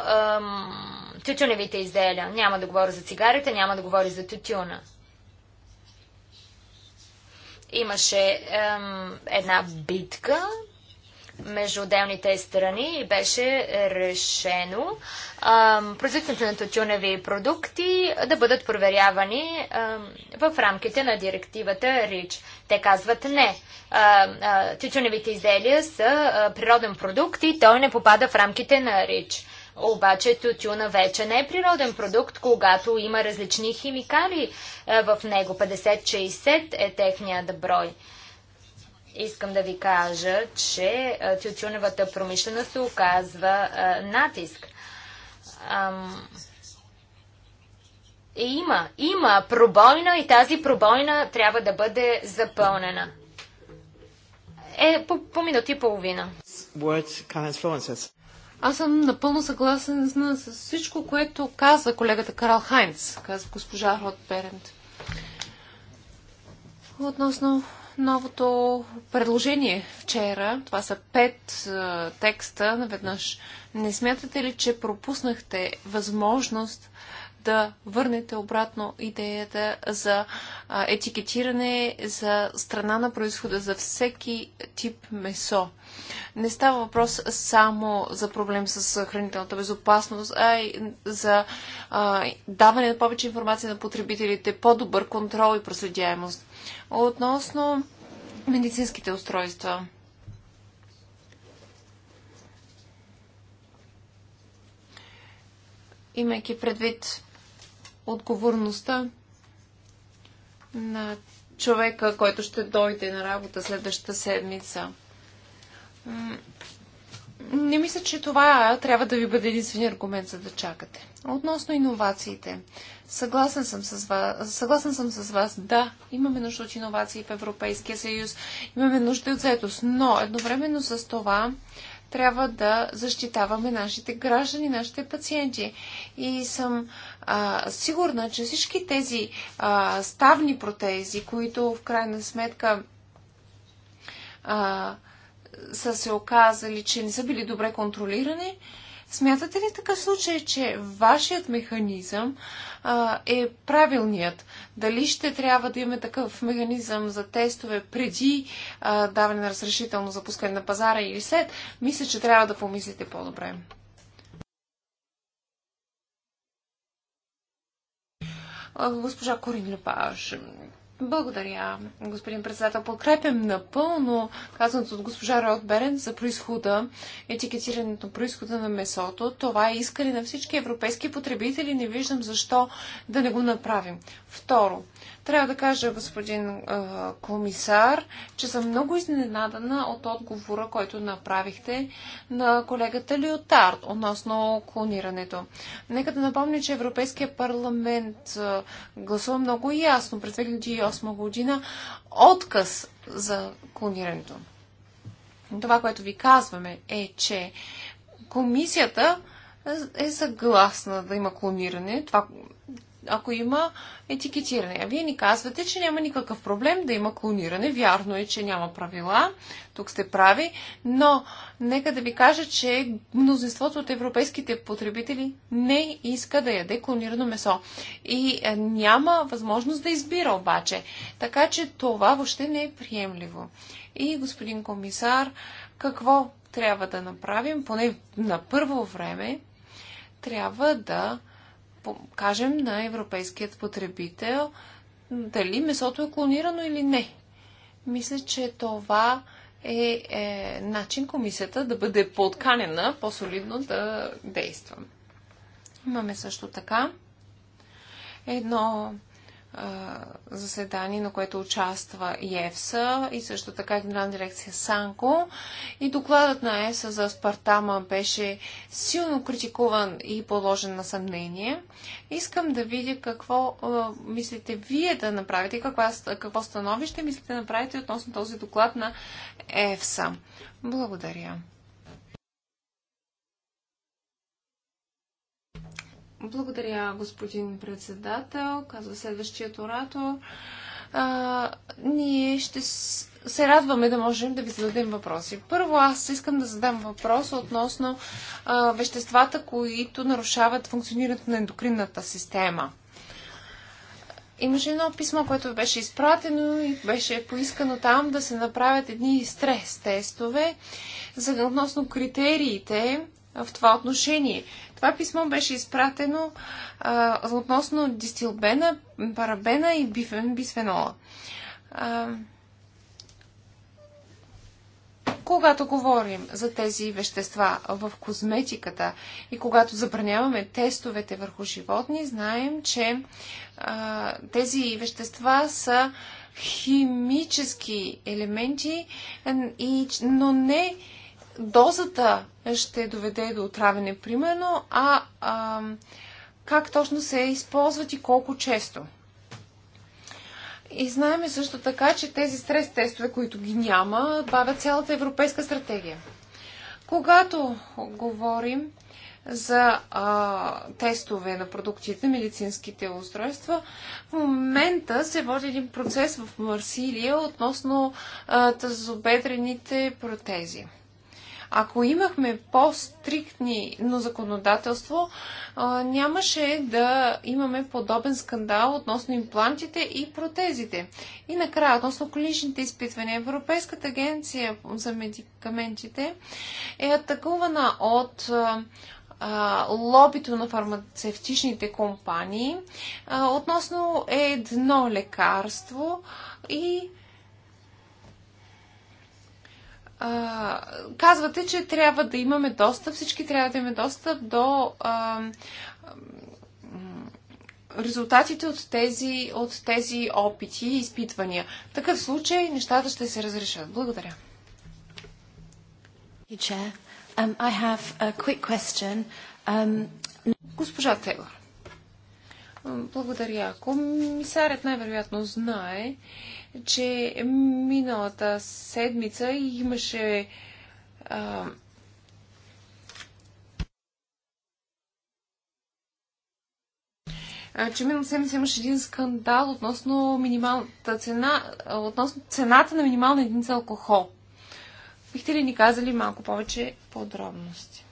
тютюневите изделия. Няма да говоря за цигарите, няма да говоря за тютюна. Имаше ем, една битка между отделните страни и беше решено ем, производителите на тютюневи продукти да бъдат проверявани ем, в рамките на директивата РИЧ. Те казват не. Е, тютюневите изделия са е, природен продукт и той не попада в рамките на РИЧ. Обаче тютюна вече не е природен продукт, когато има различни химикали е, в него. 50-60 е техният брой. Искам да ви кажа, че е, тютюневата промишленост се оказва е, натиск. И Има, има пробойна и тази пробойна трябва да бъде запълнена. Е, по, по минути и половина. Words, comments, аз съм напълно съгласен с всичко, което каза колегата Карл Хайнц, каза госпожа Род Перент. Относно новото предложение вчера, това са пет текста наведнъж, не смятате ли, че пропуснахте възможност да върнете обратно идеята за етикетиране за страна на происхода за всеки тип месо. Не става въпрос само за проблем с хранителната безопасност, а и за а, даване на повече информация на потребителите, по-добър контрол и проследяемост. Относно медицинските устройства. имайки предвид отговорността на човека, който ще дойде на работа следващата седмица. Не мисля, че това трябва да ви бъде единствен аргумент, за да чакате. Относно иновациите. Съгласен съм с вас. Съгласен съм с вас. Да, имаме нужда от иновации в Европейския съюз. Имаме нужда от заетост. Но едновременно с това трябва да защитаваме нашите граждани, нашите пациенти. И съм а, сигурна, че всички тези а, ставни протези, които в крайна сметка а, са се оказали, че не са били добре контролирани, смятате ли в такъв случай, че вашият механизъм а, е правилният. Дали ще трябва да имаме такъв механизъм за тестове преди а, даване на разрешително пускане на пазара или след, мисля, че трябва да помислите по-добре. Госпожа Корин Лепаш, благодаря, господин председател. Подкрепям напълно казаното от госпожа Род Берен за происхода, етикетирането на происхода на месото. Това е искане на всички европейски потребители. Не виждам защо да не го направим. Второ, трябва да кажа, господин е, комисар, че съм много изненадана от отговора, който направихте на колегата Лиотард относно клонирането. Нека да напомня, че Европейския парламент е, гласува много ясно през 2008 година отказ за клонирането. Това, което ви казваме е, че комисията е съгласна да има клониране. Това ако има етикетиране. А вие ни казвате, че няма никакъв проблем да има клониране. Вярно е, че няма правила. Тук сте прави. Но нека да ви кажа, че мнозинството от европейските потребители не иска да яде клонирано месо. И е, няма възможност да избира обаче. Така че това въобще не е приемливо. И господин комисар, какво трябва да направим, поне на първо време, трябва да кажем на европейският потребител дали месото е клонирано или не. Мисля, че това е, е начин комисията да бъде подканена по-солидно да действа. Имаме също така едно заседание, на което участва и ЕФСА и също така Генерална дирекция Санко. И докладът на ЕФСА за Спартама беше силно критикуван и положен на съмнение. Искам да видя какво а, мислите вие да направите, каква, какво становище мислите да направите относно този доклад на ЕФСА. Благодаря. Благодаря, господин председател, казва следващият оратор. А, ние ще се радваме да можем да ви зададем въпроси. Първо, аз искам да задам въпрос относно а, веществата, които нарушават функционирането на ендокринната система. Имаше едно писмо, което беше изпратено и беше поискано там да се направят едни стрес тестове за, относно критериите в това отношение. Това писмо беше изпратено а, относно дистилбена, парабена и бифен, бисфенола. А, когато говорим за тези вещества в козметиката и когато забраняваме тестовете върху животни, знаем, че а, тези вещества са химически елементи, и, но не дозата ще доведе до отравяне, примерно, а, а как точно се използват и колко често. И знаем също така, че тези стрес тестове, които ги няма, бавят цялата европейска стратегия. Когато говорим за а, тестове на продуктите, медицинските устройства. В момента се води един процес в Марсилия относно тазобедрените протези. Ако имахме по-стриктни но законодателство, нямаше да имаме подобен скандал относно имплантите и протезите. И накрая, относно клиничните изпитвания, Европейската агенция за медикаментите е атакувана от лобито на фармацевтичните компании относно едно лекарство и а, казвате, че трябва да имаме достъп, всички трябва да имаме достъп до а, резултатите от тези, от тези опити и изпитвания. В такъв случай нещата ще се разрешат. Благодаря. Um, um, Госпожа Тейлор. Благодаря. Комисарят най-вероятно знае, че миналата седмица имаше а, че миналата седмица имаше един скандал относно минималната цена, относно цената на минимална единица алкохол. Бихте ли ни казали малко повече подробности?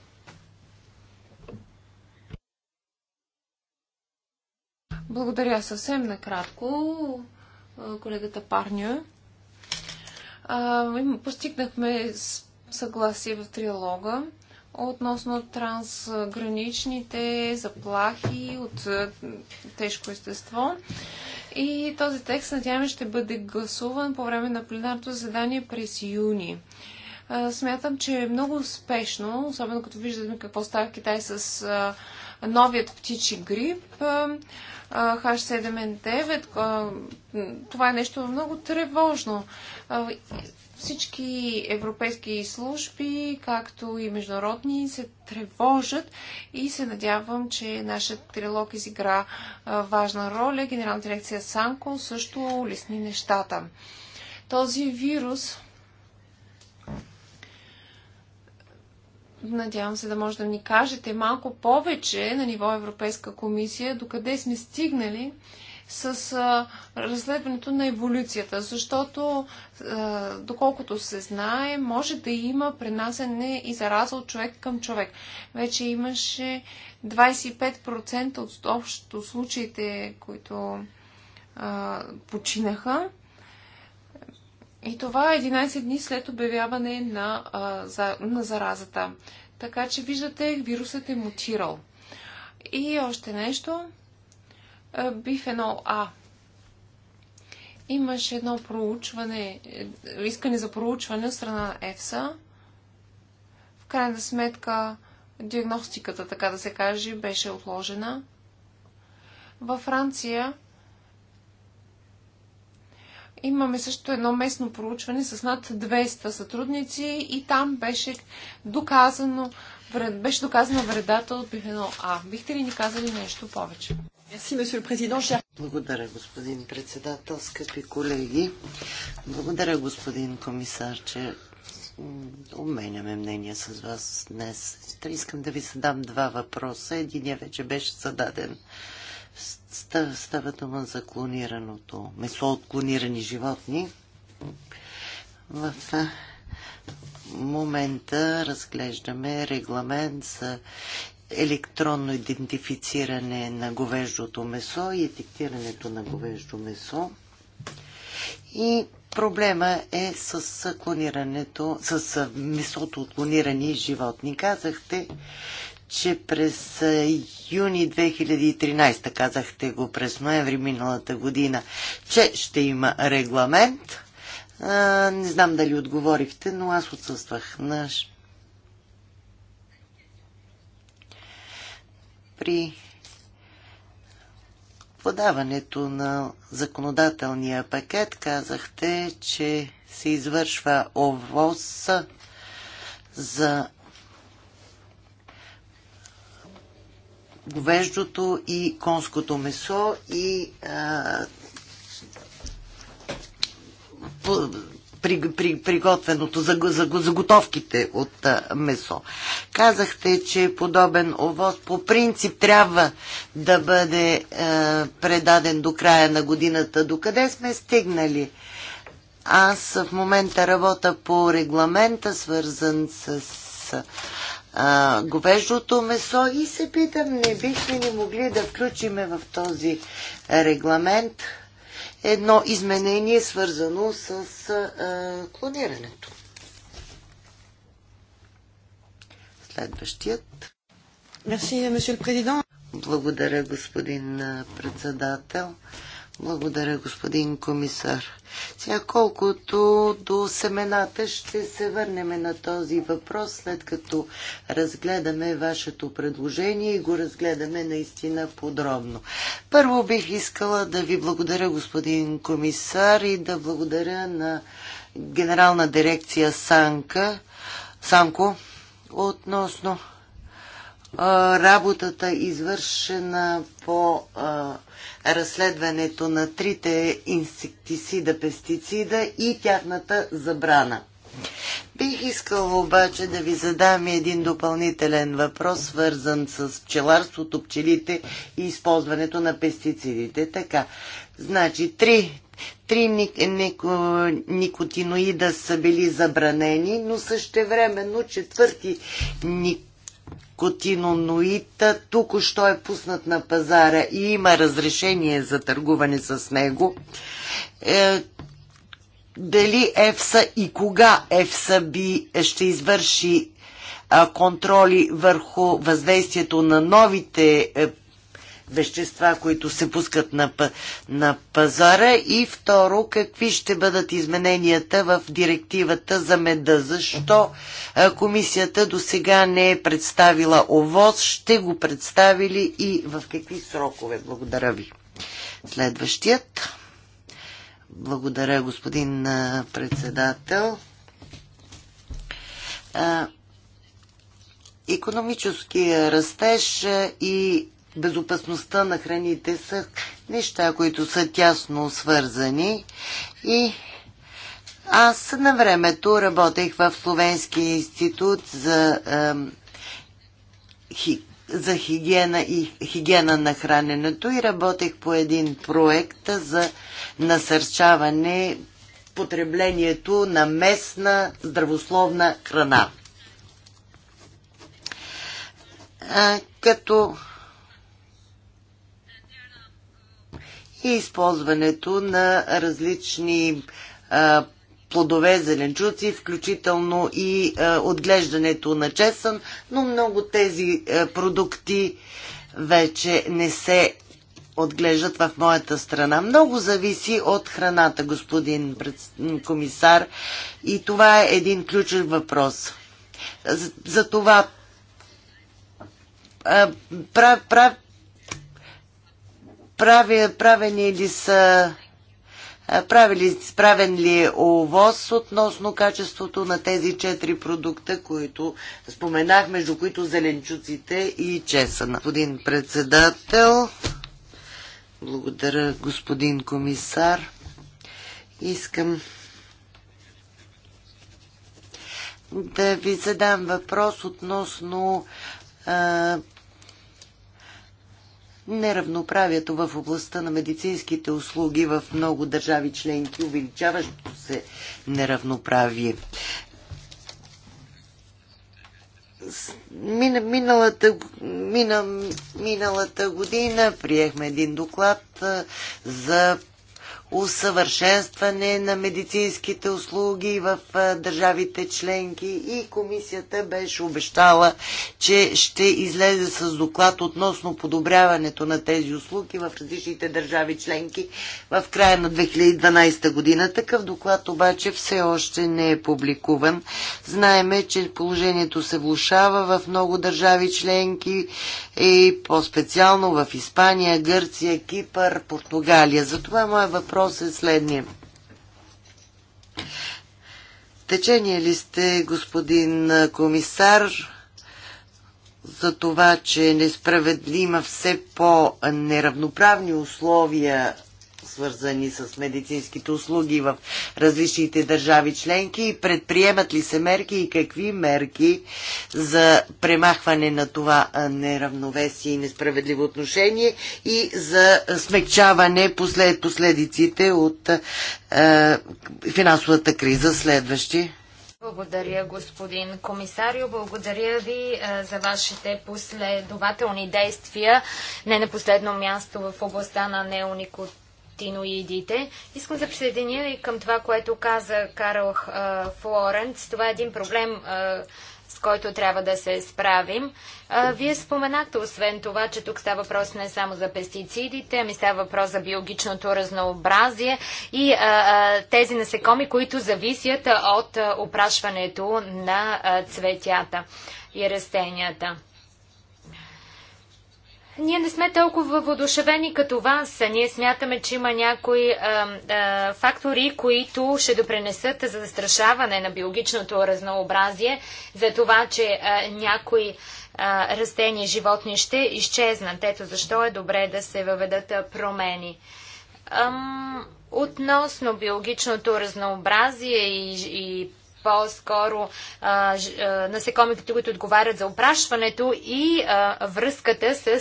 Благодаря съвсем накратко колегата Парнио. Постигнахме съгласие в триалога относно трансграничните заплахи от тежко естество. И този текст, надяваме, ще бъде гласуван по време на пленарното заседание през юни. Смятам, че е много успешно, особено като виждаме какво става в Китай с новият птичи грип H7N9. Това е нещо много тревожно. Всички европейски служби, както и международни, се тревожат и се надявам, че нашият трилог изигра важна роля. Генерална дирекция Санко също лесни нещата. Този вирус Надявам се да може да ни кажете малко повече на ниво Европейска комисия, докъде сме стигнали с а, разследването на еволюцията, защото, а, доколкото се знае, може да има пренасене и зараза от човек към човек. Вече имаше 25% от общото случаите, които а, починаха. И това е 11 дни след обявяване на, а, за, на заразата. Така че виждате, вирусът е мутирал. И още нещо. Бифенол А. Имаше едно проучване, е, искане за проучване от страна на ЕФСА. В крайна сметка диагностиката, така да се каже, беше отложена. Във Франция Имаме също едно местно проучване с над 200 сътрудници и там беше доказано, беше доказана вредата от бифено А. Бихте ли ни казали нещо повече? Благодаря, господин председател, скъпи колеги. Благодаря, господин комисар, че обменяме мнение с вас днес. искам да ви задам два въпроса. Единия вече беше зададен Става дума за клонираното месо от клонирани животни. В момента разглеждаме регламент за електронно идентифициране на говеждото месо и етиктирането на говеждо месо. И проблема е с клонирането, с месото от клонирани животни. Казахте, че през юни 2013, казахте го през ноември миналата година, че ще има регламент. не знам дали отговорихте, но аз отсъствах на... При подаването на законодателния пакет казахте, че се извършва ОВОС за говеждото и конското месо и при, при, приготвеното, заготовките от а, месо. Казахте, че подобен овоз по принцип трябва да бъде а, предаден до края на годината. Докъде сме стигнали? Аз в момента работя по регламента, свързан с а, говеждото месо и се питам, не бихме ни могли да включиме в този регламент едно изменение, свързано с а, клонирането. Следващият. Благодаря, господин председател. Благодаря, господин комисар. Сега колкото до семената, ще се върнем на този въпрос, след като разгледаме вашето предложение и го разгледаме наистина подробно. Първо бих искала да ви благодаря, господин комисар, и да благодаря на генерална дирекция Санка, Санко относно а, работата, извършена по а, разследването на трите инсектицида, пестицида и тяхната забрана. Бих искал обаче да ви задам един допълнителен въпрос, свързан с пчеларството, пчелите и използването на пестицидите. Така, значи три, три нико, никотиноида са били забранени, но същевременно четвърти ник, котиноноита току-що е пуснат на пазара и има разрешение за търгуване с него. Е, дали ЕФСА и кога ЕФСА би, ще извърши контроли върху въздействието на новите е, вещества, които се пускат на, на пазара? И второ, какви ще бъдат измененията в директивата за меда? Защо комисията до сега не е представила ОВОз? Ще го представили и в какви срокове? Благодаря ви. Следващият. Благодаря, господин председател. Економическия растеж и безопасността на храните са неща, които са тясно свързани и аз на времето работех в Словенския институт за, е, хи, за хигиена и хигиена на храненето и работех по един проект за насърчаване потреблението на местна здравословна храна. А, като и използването на различни а, плодове, зеленчуци, включително и а, отглеждането на чесън, но много тези а, продукти вече не се отглеждат в моята страна. Много зависи от храната, господин комисар, и това е един ключов въпрос. За, за това прав, прав, прави, правени ли са правили, правен ли е овоз относно качеството на тези четири продукта, които споменах, между които зеленчуците и чесъна. Господин председател, благодаря господин комисар. Искам да ви задам въпрос относно а, неравноправието в областта на медицинските услуги в много държави членки, увеличаващото се неравноправие. миналата, мина, миналата година приехме един доклад за усъвършенстване на медицинските услуги в държавите членки и комисията беше обещала, че ще излезе с доклад относно подобряването на тези услуги в различните държави членки в края на 2012 година. Такъв доклад обаче все още не е публикуван. Знаеме, че положението се влушава в много държави членки и по-специално в Испания, Гърция, Кипър, Португалия. Затова моят въпрос въпрос е следния. Течение ли сте, господин комисар, за това, че е несправедлима все по-неравноправни условия свързани с медицинските услуги в различните държави членки и предприемат ли се мерки и какви мерки за премахване на това неравновесие и несправедливо отношение и за смягчаване послед, последиците от е, финансовата криза следващи? Благодаря, господин комисарио. Благодаря ви а, за вашите последователни действия, не на последно място в областта на неоникот неоникотиноидите. Искам да присъединя и към това, което каза Карл Флоренц. Това е един проблем, с който трябва да се справим. вие споменахте, освен това, че тук става въпрос не само за пестицидите, ами става въпрос за биологичното разнообразие и тези насекоми, които зависят от опрашването на цветята и растенията. Ние не сме толкова въодушевени като вас. Ние смятаме, че има някои а, а, фактори, които ще допренесат за застрашаване на биологичното разнообразие, за това, че а, някои а, растения и животни ще изчезнат. Ето защо е добре да се въведат промени. Ам, относно биологичното разнообразие и, и по-скоро насекомите, които отговарят за опрашването и а, връзката с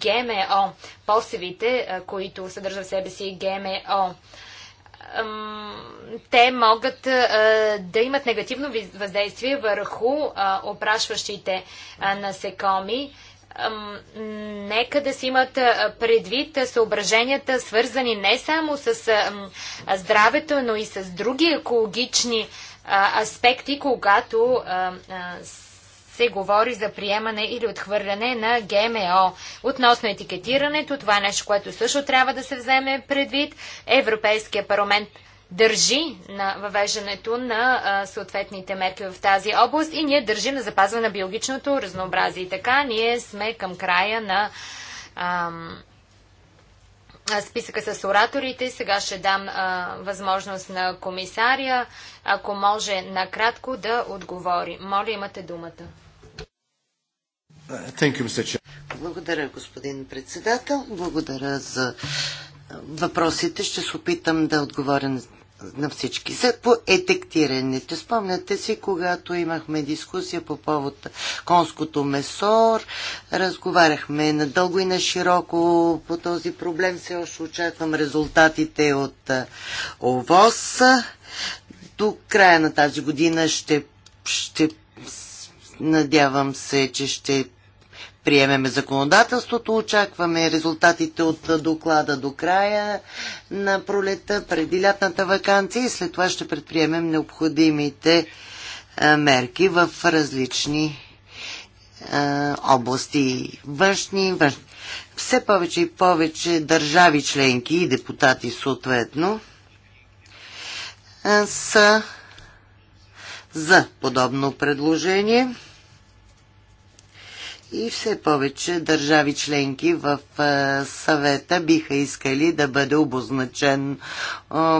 ГМО, посевите, а, които съдържат в себе си ГМО те могат а, да имат негативно въздействие върху а, опрашващите а, насекоми. Нека да си имат предвид съображенията, свързани не само с здравето, но и с други екологични аспекти, когато се говори за приемане или отхвърляне на ГМО. Относно етикетирането, това е нещо, което също трябва да се вземе предвид. Европейския парламент държи на въвеждането на съответните мерки в тази област и ние държим на запазване на биологичното разнообразие. И така, ние сме към края на ам, списъка с ораторите. Сега ще дам възможност на комисаря, ако може накратко да отговори. Моля, имате думата. Благодаря, господин председател. Благодаря за въпросите. Ще се опитам да отговоря на на всички. За по етектирането. Спомняте си, когато имахме дискусия по повод конското месо, разговаряхме надълго и на широко по този проблем. Все още очаквам резултатите от ОВОС. До края на тази година ще, ще надявам се, че ще приемеме законодателството. Очакваме резултатите от доклада до края на пролета, преди лятната вакансия и след това ще предприемем необходимите мерки в различни области. Външни, външни. Все повече и повече държави членки и депутати съответно са за подобно предложение и все повече държави членки в съвета биха искали да бъде обозначен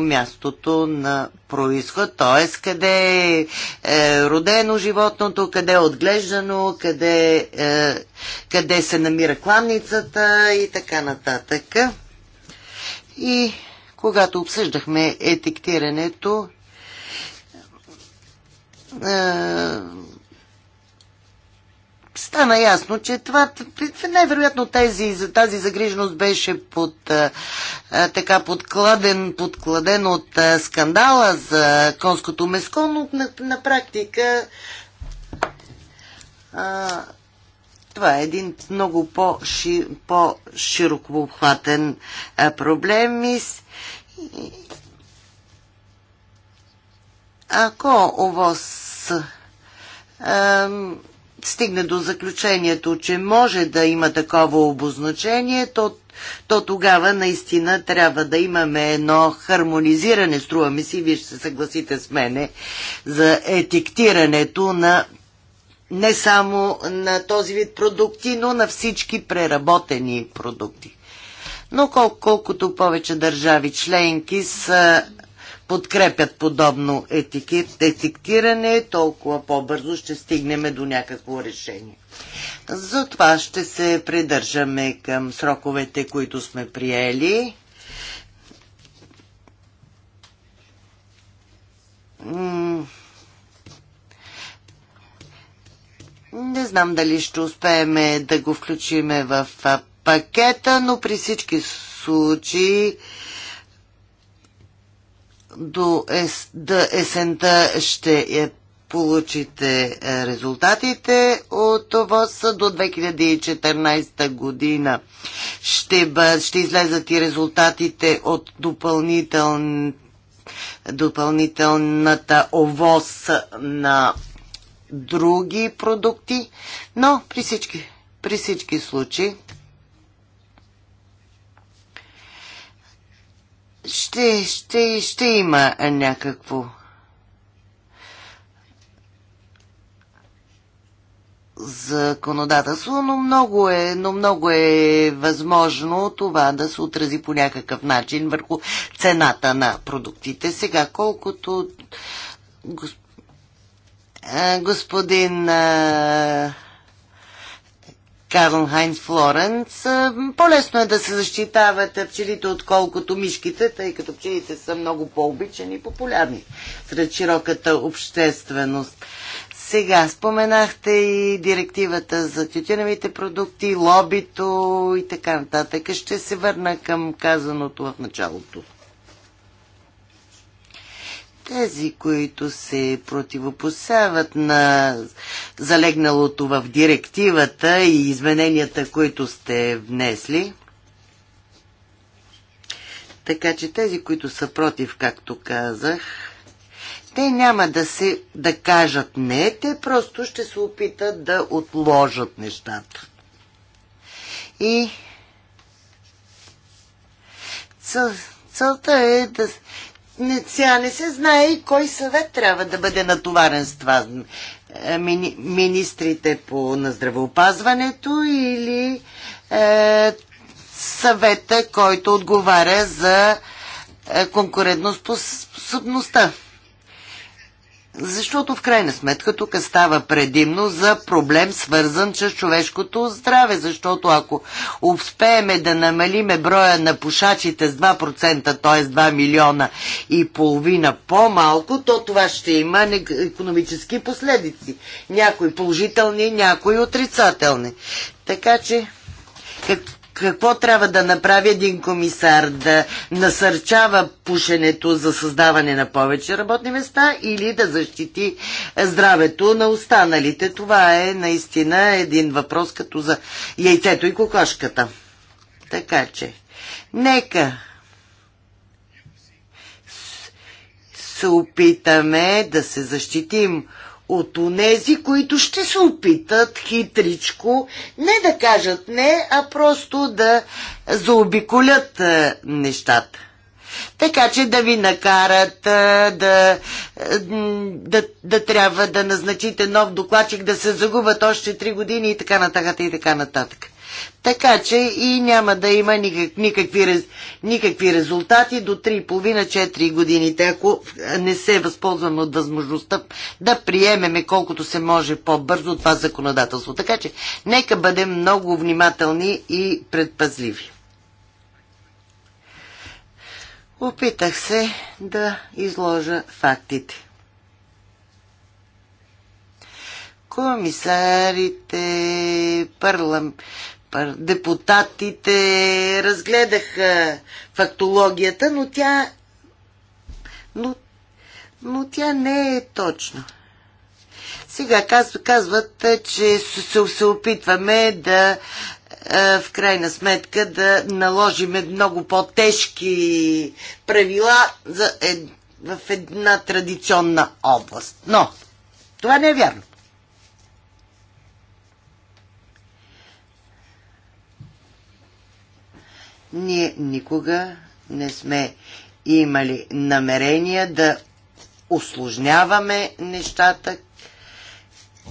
мястото на происход, т.е. къде е родено животното, къде е отглеждано, къде, е, къде се намира кланницата и така нататък. И когато обсъждахме етиктирането, е, стана ясно, че това най-вероятно тази загриженост беше под, а, така подкладен, подкладен от а, скандала за конското меско, но на, на практика а, това е един много по-широко по обхватен проблем и ако ОВОС стигне до заключението, че може да има такова обозначение, то, то тогава наистина трябва да имаме едно хармонизиране, струва ми си, вие ще се съгласите с мене, за етиктирането на не само на този вид продукти, но на всички преработени продукти. Но колко, колкото повече държави членки са подкрепят подобно етикет, етиктиране, толкова по-бързо ще стигнем до някакво решение. Затова ще се придържаме към сроковете, които сме приели. Не знам дали ще успеем да го включиме в пакета, но при всички случаи до, ес, да есента ще е получите е, резултатите от ОВОС до 2014 година. Ще, бъ, ще излезат и резултатите от допълнителни допълнителната овоз на други продукти, но при всички, при всички случаи ще, ще, ще има някакво законодателство, но много, е, но много е възможно това да се отрази по някакъв начин върху цената на продуктите. Сега, колкото господин Карл Хайнс Флоренц. Е, по-лесно е да се защитават пчелите, отколкото мишките, тъй като пчелите са много по-обичани и популярни сред широката общественост. Сега споменахте и директивата за тютюневите продукти, лобито и така нататък. Ще се върна към казаното в началото. Тези, които се противопоставят на залегналото в директивата и измененията, които сте внесли, така че тези, които са против, както казах, те няма да се да кажат не, те просто ще се опитат да отложат нещата. И цел, целта е да, не, сега не се знае и кой съвет трябва да бъде натоварен с това. Е, мини, министрите по, на здравеопазването или е, съвета, който отговаря за е, конкурентоспособността. Защото в крайна сметка тук става предимно за проблем свързан с човешкото здраве, защото ако успееме да намалиме броя на пушачите с 2%, т.е. 2 милиона и половина по-малко, то това ще има економически последици. Някои положителни, някои отрицателни. Така че, как, какво трябва да направи един комисар? Да насърчава пушенето за създаване на повече работни места или да защити здравето на останалите? Това е наистина един въпрос като за яйцето и кокошката. Така че, нека се опитаме да се защитим от онези, които ще се опитат хитричко не да кажат не, а просто да заобиколят е, нещата. Така че да ви накарат е, да, е, да, да трябва да назначите нов докладчик, да се загубят още 3 години и така нататък и така нататък. Така че и няма да има никак, никакви, никакви резултати до 3,5-4 годините, ако не се възползваме от възможността да приемеме колкото се може по-бързо това законодателство. Така че нека бъдем много внимателни и предпазливи. Опитах се да изложа фактите. комисарите, парламент депутатите разгледаха фактологията, но тя но, но тя не е точна. Сега казват, казват е, че се, се опитваме да е, в крайна сметка да наложиме много по-тежки правила за, е, в една традиционна област. Но това не е вярно. Ние никога не сме имали намерение да осложняваме нещата.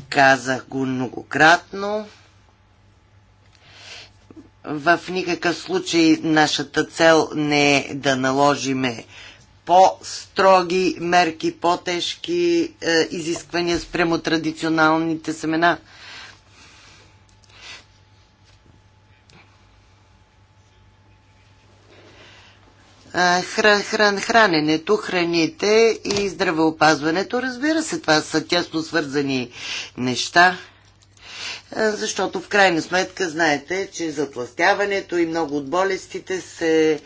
Казах го многократно. В никакъв случай нашата цел не е да наложиме по-строги мерки, по-тежки е, изисквания спрямо традиционалните семена. хран, хран, храненето, храните и здравеопазването. Разбира се, това са тясно свързани неща, защото в крайна сметка знаете, че затластяването и много от болестите се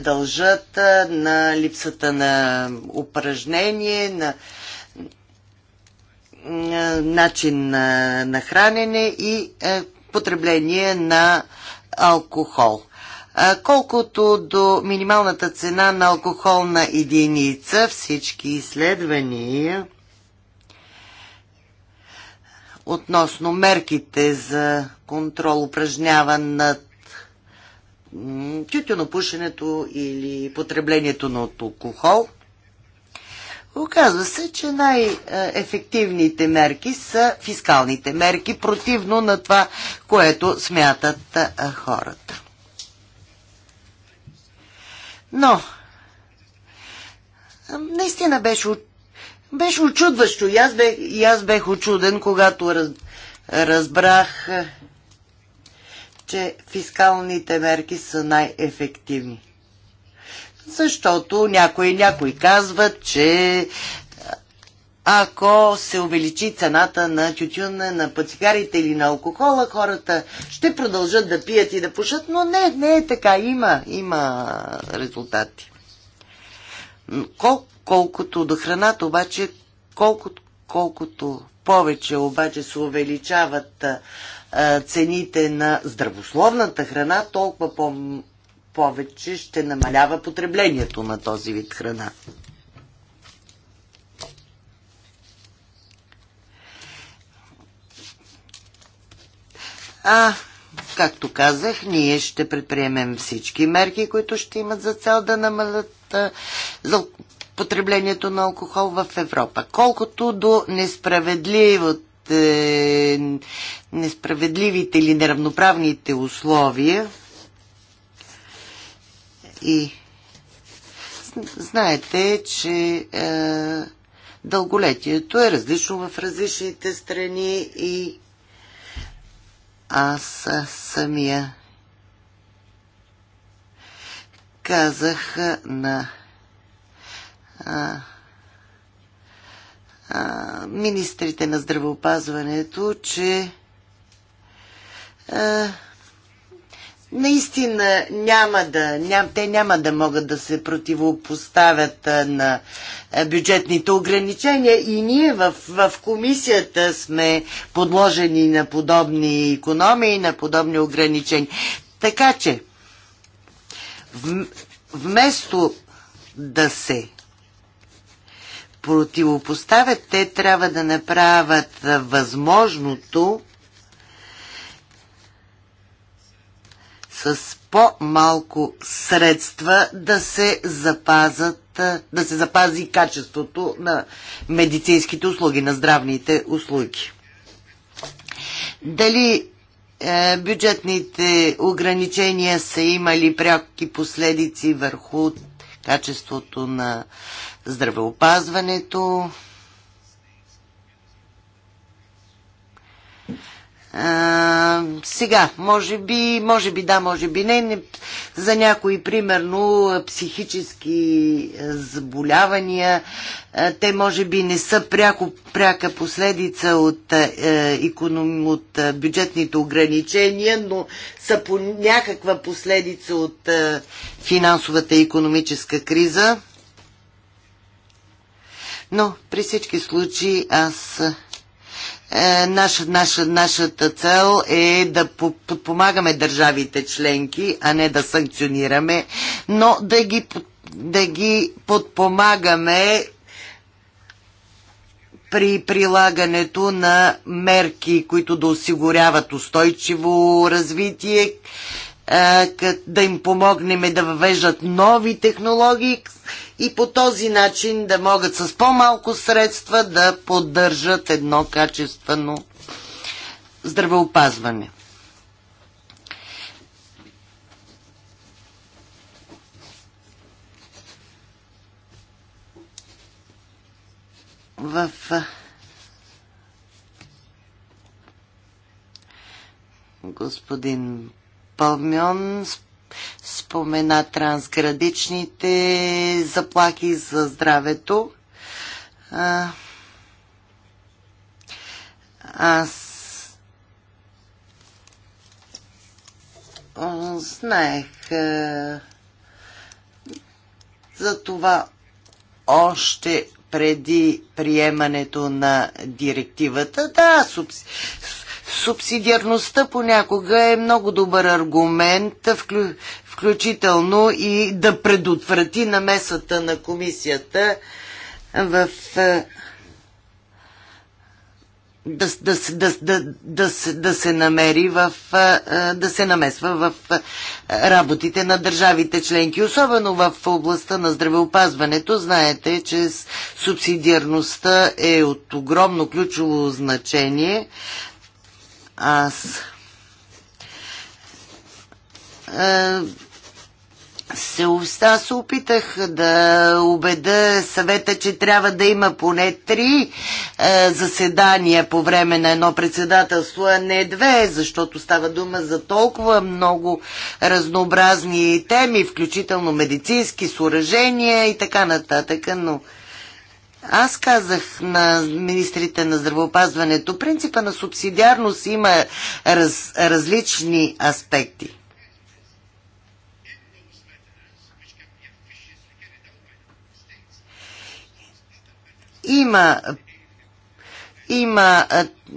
дължат на липсата на упражнение, на начин на, на хранене и потребление на алкохол. Колкото до минималната цена на алкохолна единица, всички изследвания относно мерките за контрол упражняван над тютюнопушенето или потреблението на алкохол, оказва се, че най-ефективните мерки са фискалните мерки, противно на това, което смятат хората. Но, наистина беше, беше очудващо. И аз бех, и аз бех очуден, когато раз, разбрах, е, че фискалните мерки са най-ефективни защото някои, някои казват, че ако се увеличи цената на тютюна, на пацигарите или на алкохола, хората ще продължат да пият и да пушат, но не, не е така. Има, има резултати. Кол, колкото до храната, обаче, колкото, колкото повече обаче се увеличават а, цените на здравословната храна, толкова по- повече ще намалява потреблението на този вид храна. А, както казах, ние ще предприемем всички мерки, които ще имат за цел да намалят а, за потреблението на алкохол в Европа. Колкото до несправедливото несправедливите или неравноправните условия и знаете, че е, дълголетието е различно в различните страни и аз самия казах на а, а, министрите на здравеопазването, че а, наистина няма да, ням, те няма да могат да се противопоставят на бюджетните ограничения и ние в, в комисията сме подложени на подобни економии, на подобни ограничения. Така че, вместо да се противопоставят, те трябва да направят възможното с по-малко средства да се запазат да се запази качеството на медицинските услуги, на здравните услуги. Дали е, бюджетните ограничения са имали пряки последици върху качеството на здравеопазването, А, сега, може би, може би да, може би не, не. За някои, примерно, психически заболявания, те може би не са пряко, пряка последица от, е, от бюджетните ограничения, но са по някаква последица от е, финансовата и економическа криза. Но при всички случаи аз наша, е, наша, нашата цел е да подпомагаме държавите членки, а не да санкционираме, но да ги, да ги подпомагаме при прилагането на мерки, които да осигуряват устойчиво развитие, да им помогнем да въвеждат нови технологии и по този начин да могат с по-малко средства да поддържат едно качествено здравеопазване. В господин Пълмен спомена трансградичните заплахи за здравето. А, аз знаех а, за това още преди приемането на директивата. Да, субс... Субсидиарността понякога е много добър аргумент, вклю, включително и да предотврати намесата на комисията в е, да, да, да, да, да, да се намери в, е, е, да се намесва в работите на държавите членки, особено в областта на здравеопазването. Знаете, че субсидиарността е от огромно ключово значение, аз се, аз се опитах да убеда съвета, че трябва да има поне три е, заседания по време на едно председателство, а не две, защото става дума за толкова много разнообразни теми, включително медицински, съоръжения и така нататък, но... Аз казах на министрите на здравеопазването, принципа на субсидиарност има раз, различни аспекти. Има има,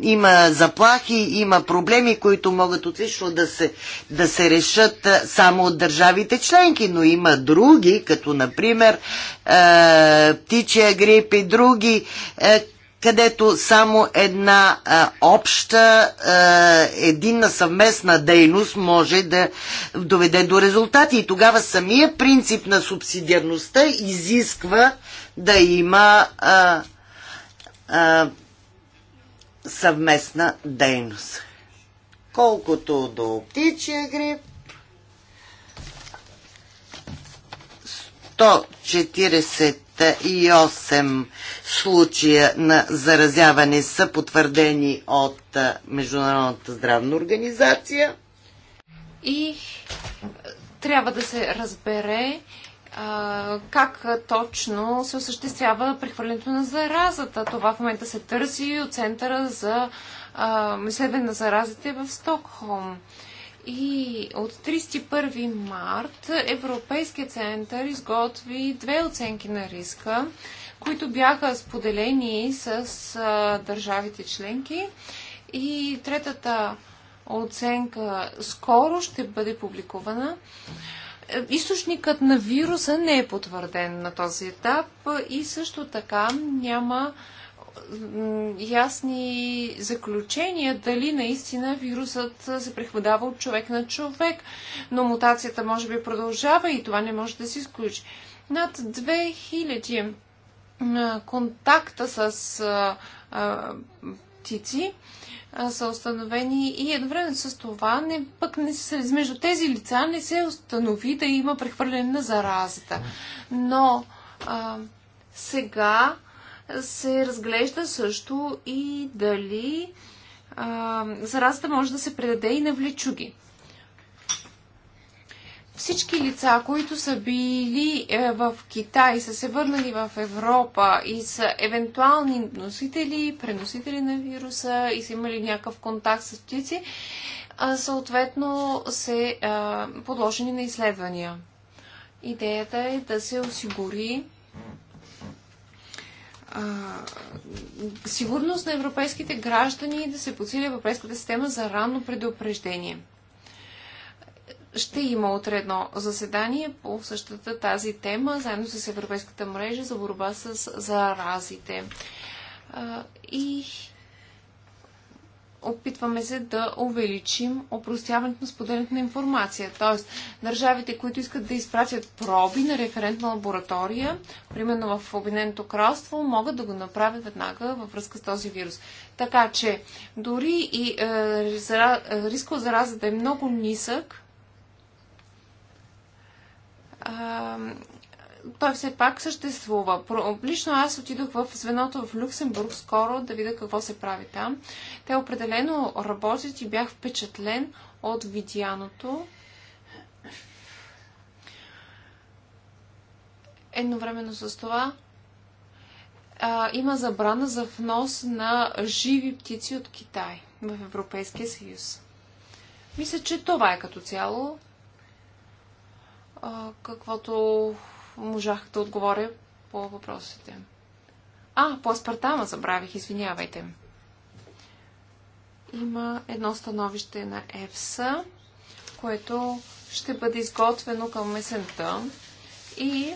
има заплахи, има проблеми, които могат отлично да се, да се решат само от държавите членки, но има други, като например птичия грип и други, където само една а, обща, а, единна съвместна дейност може да доведе до резултати. И тогава самия принцип на субсидиарността изисква да има а, а, съвместна дейност. Колкото до птичия грип, 148 случая на заразяване са потвърдени от Международната здравна организация. И трябва да се разбере как точно се осъществява прехвърлянето на заразата. Това в момента се търси от Центъра за изследване на заразите в Стокхолм. И от 31 март Европейският център изготви две оценки на риска, които бяха споделени с а, държавите членки. И третата оценка скоро ще бъде публикувана източникът на вируса не е потвърден на този етап и също така няма ясни заключения дали наистина вирусът се прехвадава от човек на човек, но мутацията може би продължава и това не може да се изключи. Над 2000 контакта с птици а, са установени и едновременно с това не, пък не, между тези лица не се установи да има прехвърляне на заразата. Но а, сега се разглежда също и дали а, заразата може да се предаде и на влечуги всички лица, които са били е, в Китай, са се върнали в Европа и са евентуални носители, преносители на вируса и са имали някакъв контакт с птици, съответно са подложени на изследвания. Идеята е да се осигури сигурност на европейските граждани и да се подсили европейската система за ранно предупреждение ще има утре едно заседание по същата тази тема, заедно с Европейската мрежа за борба с заразите. И опитваме се да увеличим опростяването на споделянето на информация. Тоест, държавите, които искат да изпратят проби на референтна лаборатория, примерно в Обединеното кралство, могат да го направят веднага във връзка с този вирус. Така че, дори и е, е риска от заразата е много нисък, той все пак съществува. лично аз отидох в звеното в Люксембург скоро да видя какво се прави там. Те определено работят и бях впечатлен от видяното. Едновременно с това а, има забрана за внос на живи птици от Китай в Европейския съюз. Мисля, че това е като цяло каквото можах да отговоря по въпросите. А, по аспартама забравих, извинявайте. Има едно становище на ЕФСА, което ще бъде изготвено към месента и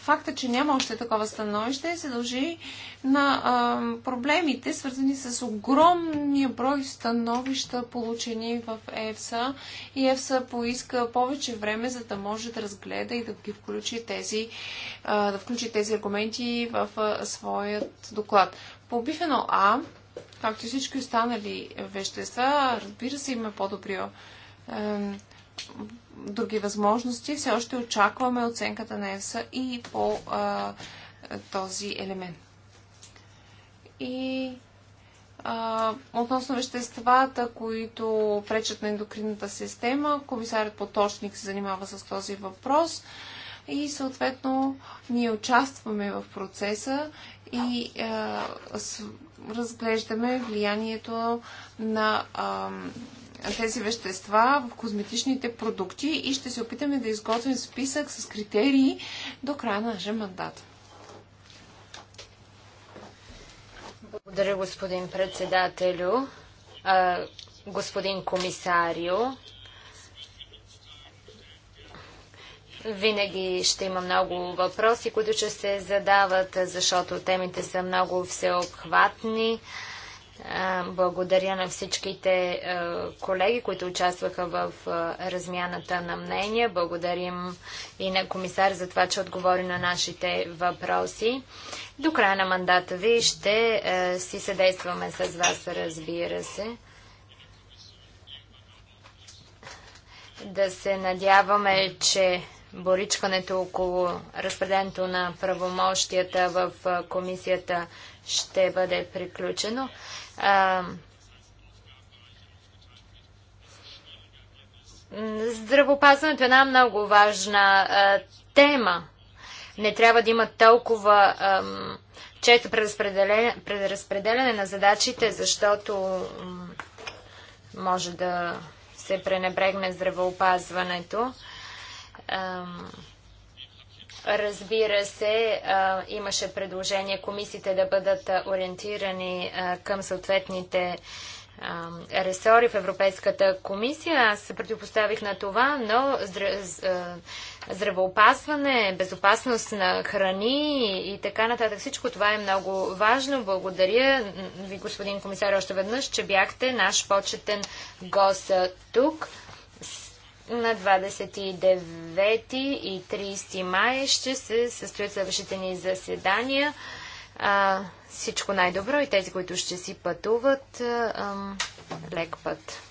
факта, че няма още такова становище, се дължи на а, проблемите, свързани с огромния брой становища, получени в ЕФСА. И ЕФСА поиска повече време, за да може да разгледа и да ги включи тези, а, да включи тези аргументи в а, своят доклад. По бифено А, както и всички останали вещества, разбира се, има по-добри други възможности. Все още очакваме оценката на ЕСА и по а, този елемент. И а, относно веществата, които пречат на ендокринната система, комисарят Поточник се занимава с този въпрос и съответно ние участваме в процеса и а, с, разглеждаме влиянието на а, тези вещества в козметичните продукти и ще се опитаме да изготвим списък с критерии до края на нашия мандат. Благодаря, господин председателю, а, господин комисарио. Винаги ще има много въпроси, които ще се задават, защото темите са много всеобхватни. Благодаря на всичките колеги, които участваха в размяната на мнения. Благодарим и на комисар за това, че отговори на нашите въпроси. До края на мандата ви ще си съдействаме с вас, разбира се. Да се надяваме, че боричкането около разпределението на правомощията в комисията ще бъде приключено. Здравопазването е една много важна а, тема. Не трябва да има толкова често предразпределяне на задачите, защото може да се пренебрегне здравеопазването. Разбира се, имаше предложение комисиите да бъдат ориентирани към съответните ресори в Европейската комисия. Аз се противопоставих на това, но здравеопазване, безопасност на храни и така нататък. Всичко това е много важно. Благодаря ви, господин комисар, още веднъж, че бяхте наш почетен гост тук. На 29 и 30 май ще се състоят следващите ни заседания. А, всичко най-добро и тези, които ще си пътуват, а, лек път.